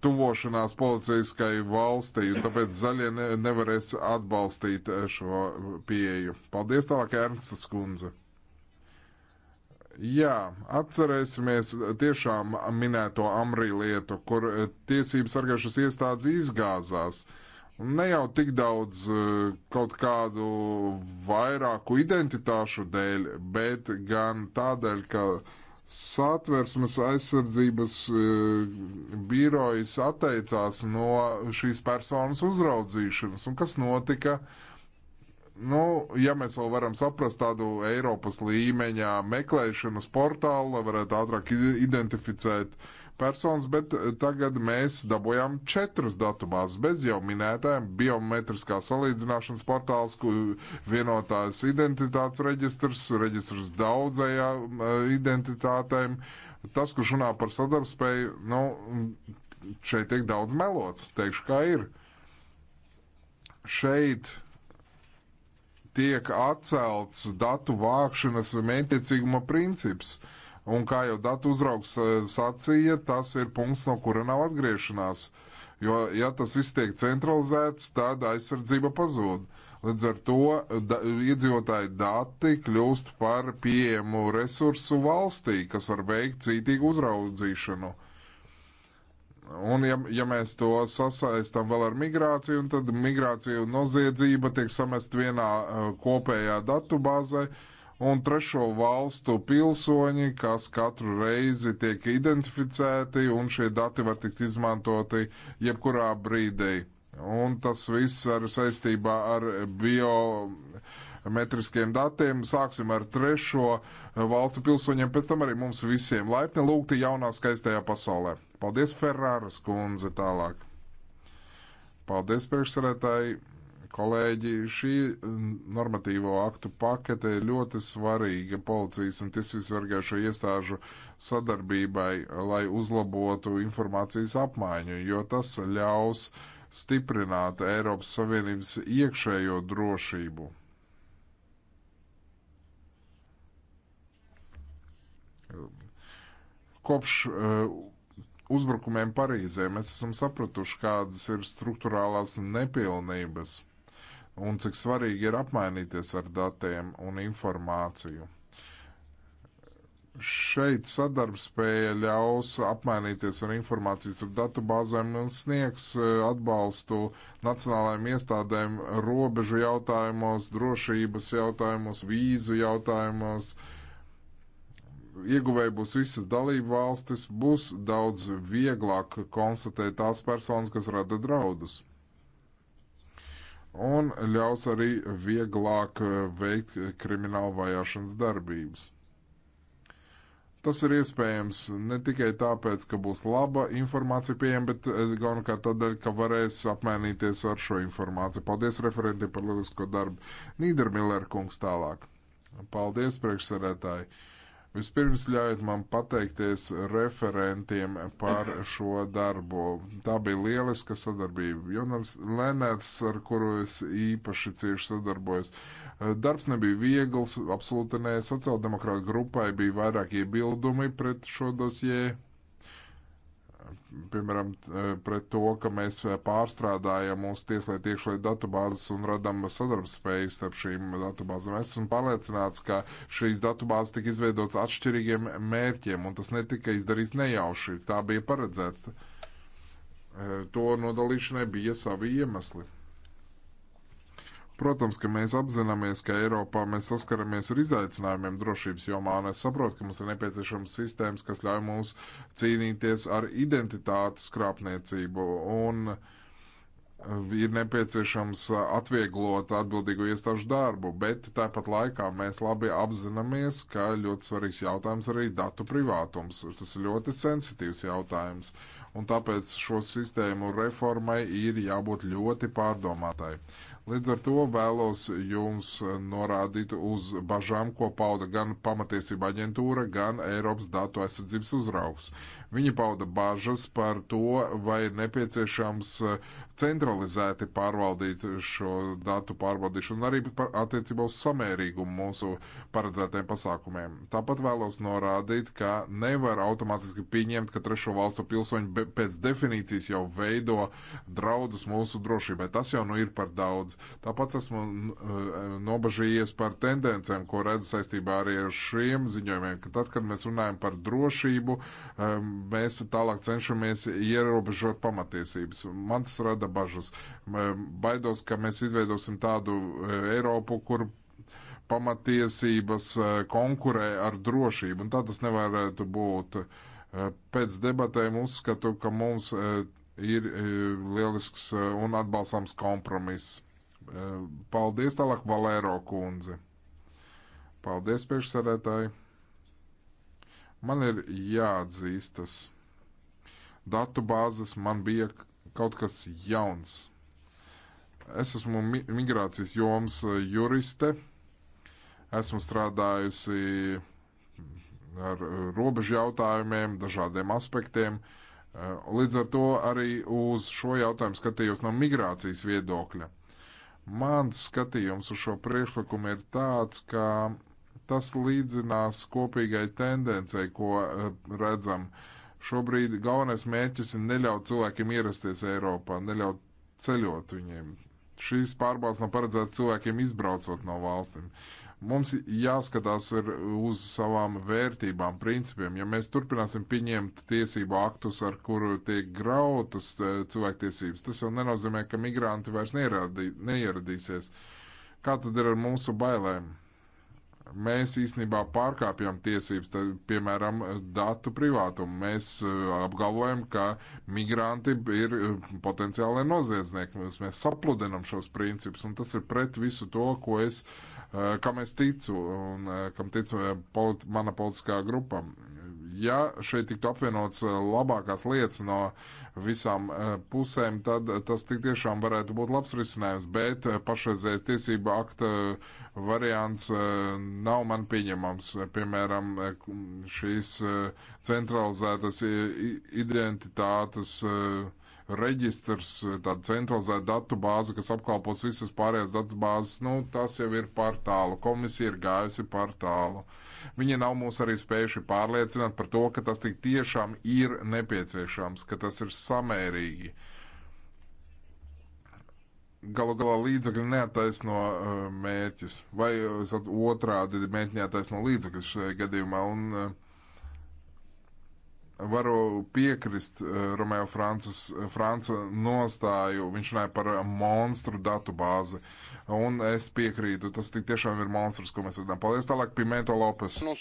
tuvošanās policijaskai valstī, un tāpēc zaļie nevarēs atbalstīt šo pieeju. Paldies tālāk, Ernsta Skundze! Jā, atcerēsimies tiešām minēto Amrī lietu, kur eh, tiesības sargājušas iestādes izgāzās. Ne jau tik daudz eh, kaut kādu vairāku identitāšu dēļ, bet gan tādēļ, ka satversmes aizsardzības eh, birojas atteicās no šīs personas uzraudzīšanas. Un kas notika? Uh, Nu, ja mēs vēl varam saprast tādu Eiropas līmeņa meklēšanas portālu, lai varētu ātrāk identificēt personas, bet eh, tagad mēs dabojām četras datubāzes bez jau minētājiem - biometriskā salīdzināšanas portāls, vienotās identitātes reģistrs, reģistrs daudzajā eh, identitātēm. Tas, kurš runā par sadarbspēju, nu, šeit tiek daudz melots, teikšu, kā ir. Šeit tiek atcelts datu vākšanas mētiecīguma princips. Un kā jau datu uzraugs e, sacīja, tas ir punkts, no kura nav atgriešanās. Jo, ja tas viss tiek centralizēts, tad aizsardzība pazūd. Līdz ar to da, iedzīvotāji dati kļūst par pieejamu resursu valstī, kas var veikt cītīgu uzraudzīšanu. Uh, Un, ja, ja mēs to sasaistām vēl ar migrāciju, tad migrācija un noziedzība tiek samest vienā eh, kopējā datubāzē, un trešo valstu pilsoņi, kas katru reizi tiek identificēti, un šie dati var tikt izmantoti jebkurā brīdī. Un tas viss ir saistībā ar bio metriskiem datiem. Sāksim ar trešo eh, valstu pilsoņiem, pēc tam arī mums visiem. Laipni lūgti jaunā skaistajā pasaulē. Paldies, Ferrāras kundze, tālāk. Paldies, priekšsarētāji, kolēģi. Šī mm, normatīvo aktu pakete ir ļoti svarīga policijas un tiesvisvargājušo iestāžu sadarbībai, lai uzlabotu informācijas apmaiņu, jo tas ļaus stiprināt Eiropas Savienības iekšējo drošību. Kopš eh, uzbrukumiem Parīzē mēs esam sapratuši, kādas ir struktūrālās nepilnības un cik svarīgi ir apmainīties ar datiem un informāciju. Šeit sadarbspēja ļaus apmainīties ar informācijas ar datubāzēm un sniegs eh, atbalstu nacionālajiem iestādēm robežu jautājumos, drošības jautājumos, vīzu jautājumos, uh, ieguvēji būs visas dalību valstis, būs daudz vieglāk konstatēt tās personas, kas rada draudus. Un ļaus arī vieglāk eh, veikt kriminālu vajāšanas darbības. Tas ir iespējams ne tikai tāpēc, ka būs laba informācija pieejama, bet eh, galvenokārt tādēļ, ka varēs apmainīties ar šo informāciju. Paldies referentiem par lielisko darbu. Nīdermiller kungs tālāk. Paldies priekšsarētāji. Vispirms ļaujiet man pateikties referentiem par šo darbu. Tā bija lieliska sadarbība. Jonams Leners, ar kuru es īpaši cieši sadarbojos. Darbs nebija viegls, absolūti nē. Sociāldemokrāta grupai bija vairāk iebildumi pret šo dosieju piemēram, e, pret to, ka mēs e, pārstrādājam mūsu tieslietu iekšlietu datubāzes un radam sadarbspēju starp šīm datubāzēm. Es esmu pārliecināts, ka šīs datubāzes tika izveidotas atšķirīgiem mērķiem, un tas netika izdarīts nejauši. Tā bija paredzēts. E, to nodalīšanai bija savi iemesli. Protams, ka mēs apzināmies, ka Eiropā mēs saskaramies ar izaicinājumiem drošības jomā, un es saprotu, ka mums ir nepieciešams sistēmas, kas ļauj mums cīnīties ar identitātes krāpniecību, un uh, ir nepieciešams uh, atvieglot atbildīgo iestāžu darbu, bet tāpat laikā mēs labi apzināmies, ka ļoti svarīgs jautājums arī datu privātums. Tas ir ļoti sensitīvs jautājums, un tāpēc šo sistēmu reformai ir jābūt ļoti pārdomātai. Līdz ar to vēlos jums norādīt uz bažām, ko pauda gan pamatiesība aģentūra, gan Eiropas datu aizsardzības uzraugs. Viņa pauda bažas par to, vai nepieciešams eh, centralizēti pārvaldīt šo datu pārbaudīšanu, arī par attiecībā uz samērīgumu mūsu paredzētajiem pasākumiem. Tāpat vēlos norādīt, ka nevar automātiski pieņemt, ka trešo valstu pilsoņi pēc definīcijas jau veido draudus mūsu drošībai. Tas jau nu ir par daudz. Tāpat esmu eh, nobažījies par tendencēm, ko redzu saistībā arī ar šiem ziņojumiem, ka tad, kad mēs runājam par drošību, um, mēs tālāk cenšamies ierobežot pamatiesības. Man tas rada bažas. Baidos, ka mēs izveidosim tādu e, Eiropu, kur pamatiesības e, konkurē ar drošību, un tā tas nevarētu būt. E, pēc debatēm uzskatu, ka mums ir lielisks un atbalstāms kompromiss. Paldies tālāk Valēro kundzi. Paldies, priekšsēdētāji! Man ir jāatzīst tas. Datu bāzes man bija kaut kas jauns. Es esmu mi migrācijas joms eh, juriste. Esmu strādājusi ar eh, robežu jautājumiem, dažādiem aspektiem. Eh, līdz ar to arī uz šo jautājumu skatījos no migrācijas viedokļa. Mans skatījums uz šo priekšlikumu ir tāds, ka tas līdzinās kopīgai tendencei, ko eh, redzam. Šobrīd galvenais mērķis ir neļaut cilvēkiem ierasties Eiropā, neļaut ceļot viņiem. Šīs pārbaudas nav paredzētas cilvēkiem izbraucot no valstīm. Mums jāskatās uz savām vērtībām, principiem. Ja mēs turpināsim pieņemt tiesību aktus, ar kuru tiek grautas eh, cilvēktiesības, tas jau nenozīmē, ka migranti vairs neieradīsies. Kā tad ir ar mūsu bailēm? mēs īstenībā pārkāpjam tiesības, tad, piemēram, datu privātumu. Mēs eh, apgalvojam, ka migranti ir eh, potenciālai noziedznieki. Mēs, mēs sapludinam šos principus, un tas ir pret visu to, ko es, eh, kam es ticu un kam ticu polit, mana politiskā grupa. Ja šeit tiktu apvienots labākās lietas no uh, visām eh, pusēm, tad eh, tas tik tiešām varētu būt labs risinājums, bet eh, pašreizējais tiesība akta variants nav man pieņemams. Piemēram, šīs centralizētas identitātes reģistrs, tāda centralizēta datu bāze, kas apkalpos visas pārējās datu bāzes, nu, tas jau ir par tālu. Komisija ir gājusi par tālu. Uh, Viņi nav mūs arī spējuši pārliecināt par to, ka tas tik tiešām ir nepieciešams, ka tas ir samērīgi. Galu galā līdzekļi neataisno uh, mērķus, vai uh, otrādi mērķi neataisno līdzekļus šajā gadījumā. Un, uh, varu piekrist eh, Romeo Francis, eh, Franca nostāju, viņš runāja par eh, monstru datu bāzi. Un es piekrītu, tas tik tiešām ir monstrs, ko mēs redzam. Paldies tālāk, Pimento Lopes. Nu,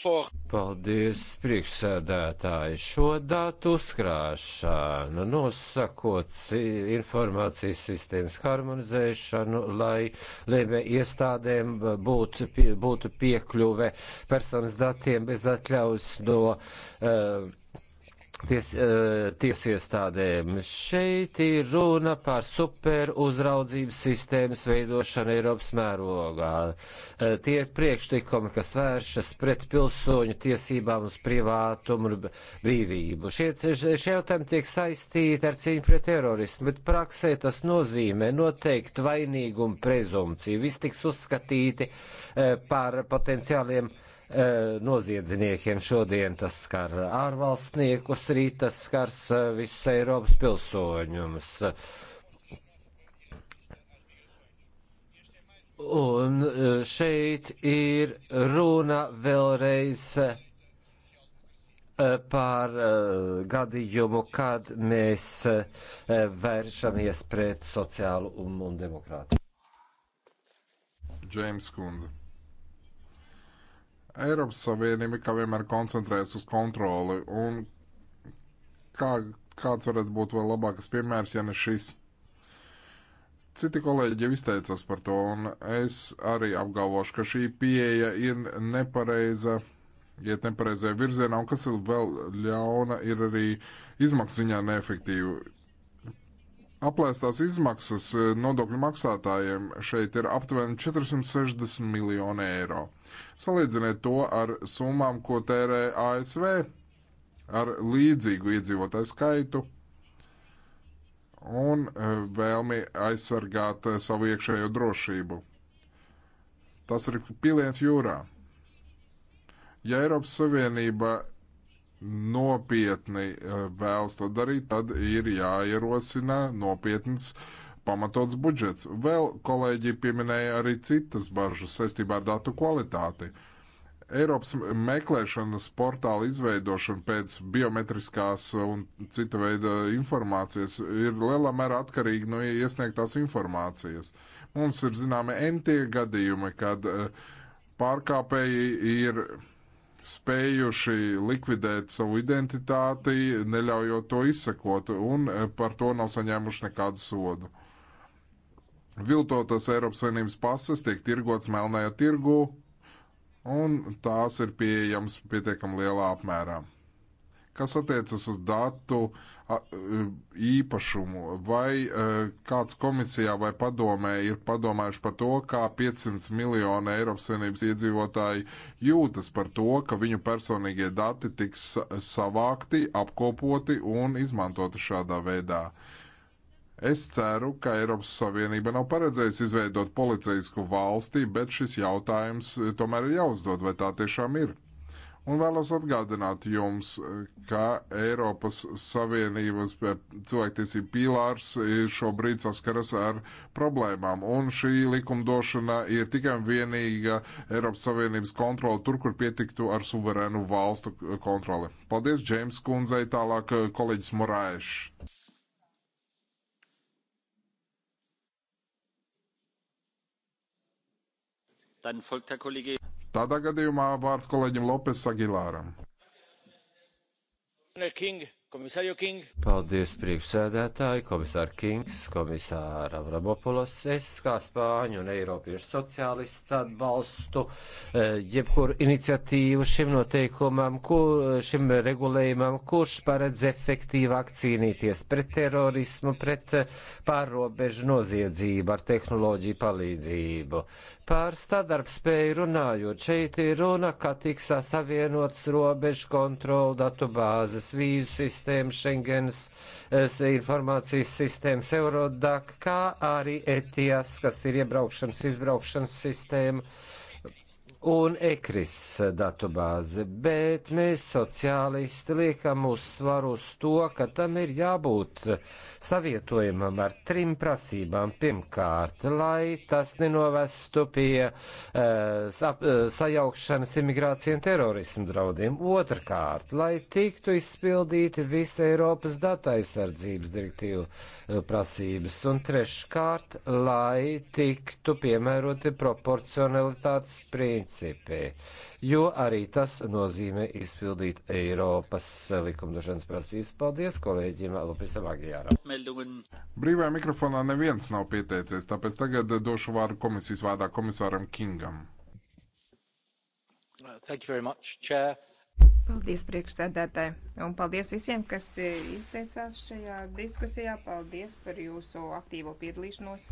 Paldies, priekšsēdētāji. Šo datu uzkrāšanu, nosakot informācijas sistēmas harmonizēšanu, lai lēmē iestādēm būtu, būtu piekļuve personas datiem bez atļaus no. Uh, ties, e, tiesu iestādēm. Šeit ir runa par super uzraudzības sistēmas veidošanu Eiropas mērogā. E, tie ir priekšlikumi, kas vēršas pret pilsoņu tiesībām uz privātumu un brīvību. Šie, šie jautājumi tiek saistīti ar cīņu pret terorismu, bet praksē tas nozīmē noteikti vainīgumu prezumciju. Viss tiks uzskatīti e, par potenciāliem uh, E, noziedzniekiem. Šodien tas skar ārvalstniekus, rīt tas skars e, visus Eiropas pilsoņus. Un e, šeit ir runa vēlreiz par gadījumu, kad mēs vēršamies pret sociālu un, un demokrātu. Džeims Kunze. Eiropas Savienība kā vienmēr koncentrējas uz kontroli, un kā, kāds varētu būt vēl labākas piemērs, ja ne šis? Citi kolēģi jau izteicās par to, un es arī apgalvošu, ka šī pieeja ir nepareiza, iet nepareizajā virzienā, un kas ir vēl ļauna, ir arī izmaksziņā neefektīva Aplēstās izmaksas e, nodokļu maksātājiem šeit ir aptuveni 460 miljoni eiro. Salīdziniet to ar summām, ko tērē ASV ar līdzīgu iedzīvotāju skaitu un e, vēlmi aizsargāt e, savu iekšējo drošību. Tas ir piliens jūrā. Ja Eiropas Savienība nopietni eh, vēlas to darīt, tad ir jāierosina nopietns pamatots budžets. Vēl kolēģi pieminēja arī citas bažas saistībā ar datu kvalitāti. Eiropas meklēšanas portāla izveidošana pēc biometriskās un cita veida informācijas ir lielā mērā atkarīga no iesniegtās informācijas. Mums ir zināmi entie gadījumi, kad eh, pārkāpēji ir spējuši likvidēt savu identitāti, neļaujot to izsekot, un eh, par to nav saņēmuši nekādu sodu. Viltotas Eiropas Savienības pases tiek tirgots melnajā tirgu, un tās ir pieejamas pietiekam lielā apmērā. Kas attiecas uz datu e, īpašumu, vai e, kāds komisijā vai padomē ir padomājuši par to, kā 500 miljoni Eiropas Savienības iedzīvotāji jūtas par to, ka viņu personīgie dati tiks savākti, apkopoti un izmantoti šādā veidā? Es ceru, ka Eiropas Savienība nav paredzējusi izveidot policijasku valstī, bet šis jautājums tomēr ir jāuzdod, vai tā tiešām ir. Un vēlos atgādināt jums, ka Eiropas Savienības eh, cilvēktiesība pīlārs eh, šobrīd saskaras ar problēmām, un šī likumdošana ir tikai un vienīga Eiropas Savienības kontrola tur, kur pietiktu ar suverēnu valstu kontroli. Paldies, Džeims Kundzei, tālāk eh, kolēģis Morāešs. Dann folgt Herr Kollege. Tādā gadījumā vārds kolēģim Lopes Agilāram. King, komisāru King. Paldies priekšsēdētāji, komisāra Kings, komisāra Avramopulas. Es kā spāņu un eiropiešu sociālists atbalstu eh, jebkuru iniciatīvu šim noteikumam, kur, šim regulējumam, kurš paredz efektīvāk cīnīties pret terorismu, pret eh, pārrobežu noziedzību ar tehnoloģiju palīdzību. Par stādarbspēju runājot, šeit ir runa, ka tiks savienots robežu kontrola datu bāzes, vīzu sistēmas, Schengenas informācijas sistēmas, Eurodac, kā arī ETIAS, kas ir iebraukšanas, izbraukšanas sistēma un ekris datubāze, bet mēs sociālisti liekam uzsvaru uz to, ka tam ir jābūt savietojumam ar trim prasībām. Pirmkārt, lai tas nenovestu pie uh, sajaukšanas imigrācija un terorismu draudiem. Otrkārt, lai tiktu izpildīti visa Eiropas datu aizsardzības direktīvu uh, prasības. Un treškārt, lai tiktu piemēroti proporcionalitātes principi principi, jo arī tas nozīmē izpildīt Eiropas likumdošanas prasības. Paldies kolēģim Lopesam Agijāram. Brīvajā mikrofonā neviens nav pieteicies, tāpēc tagad došu vārdu komisijas vārdā komisāram Kingam. Uh, thank you very much, Chair. Paldies priekšsēdētāji un paldies visiem, kas eh, izteicās šajā diskusijā. Paldies par jūsu aktīvo piedalīšanos.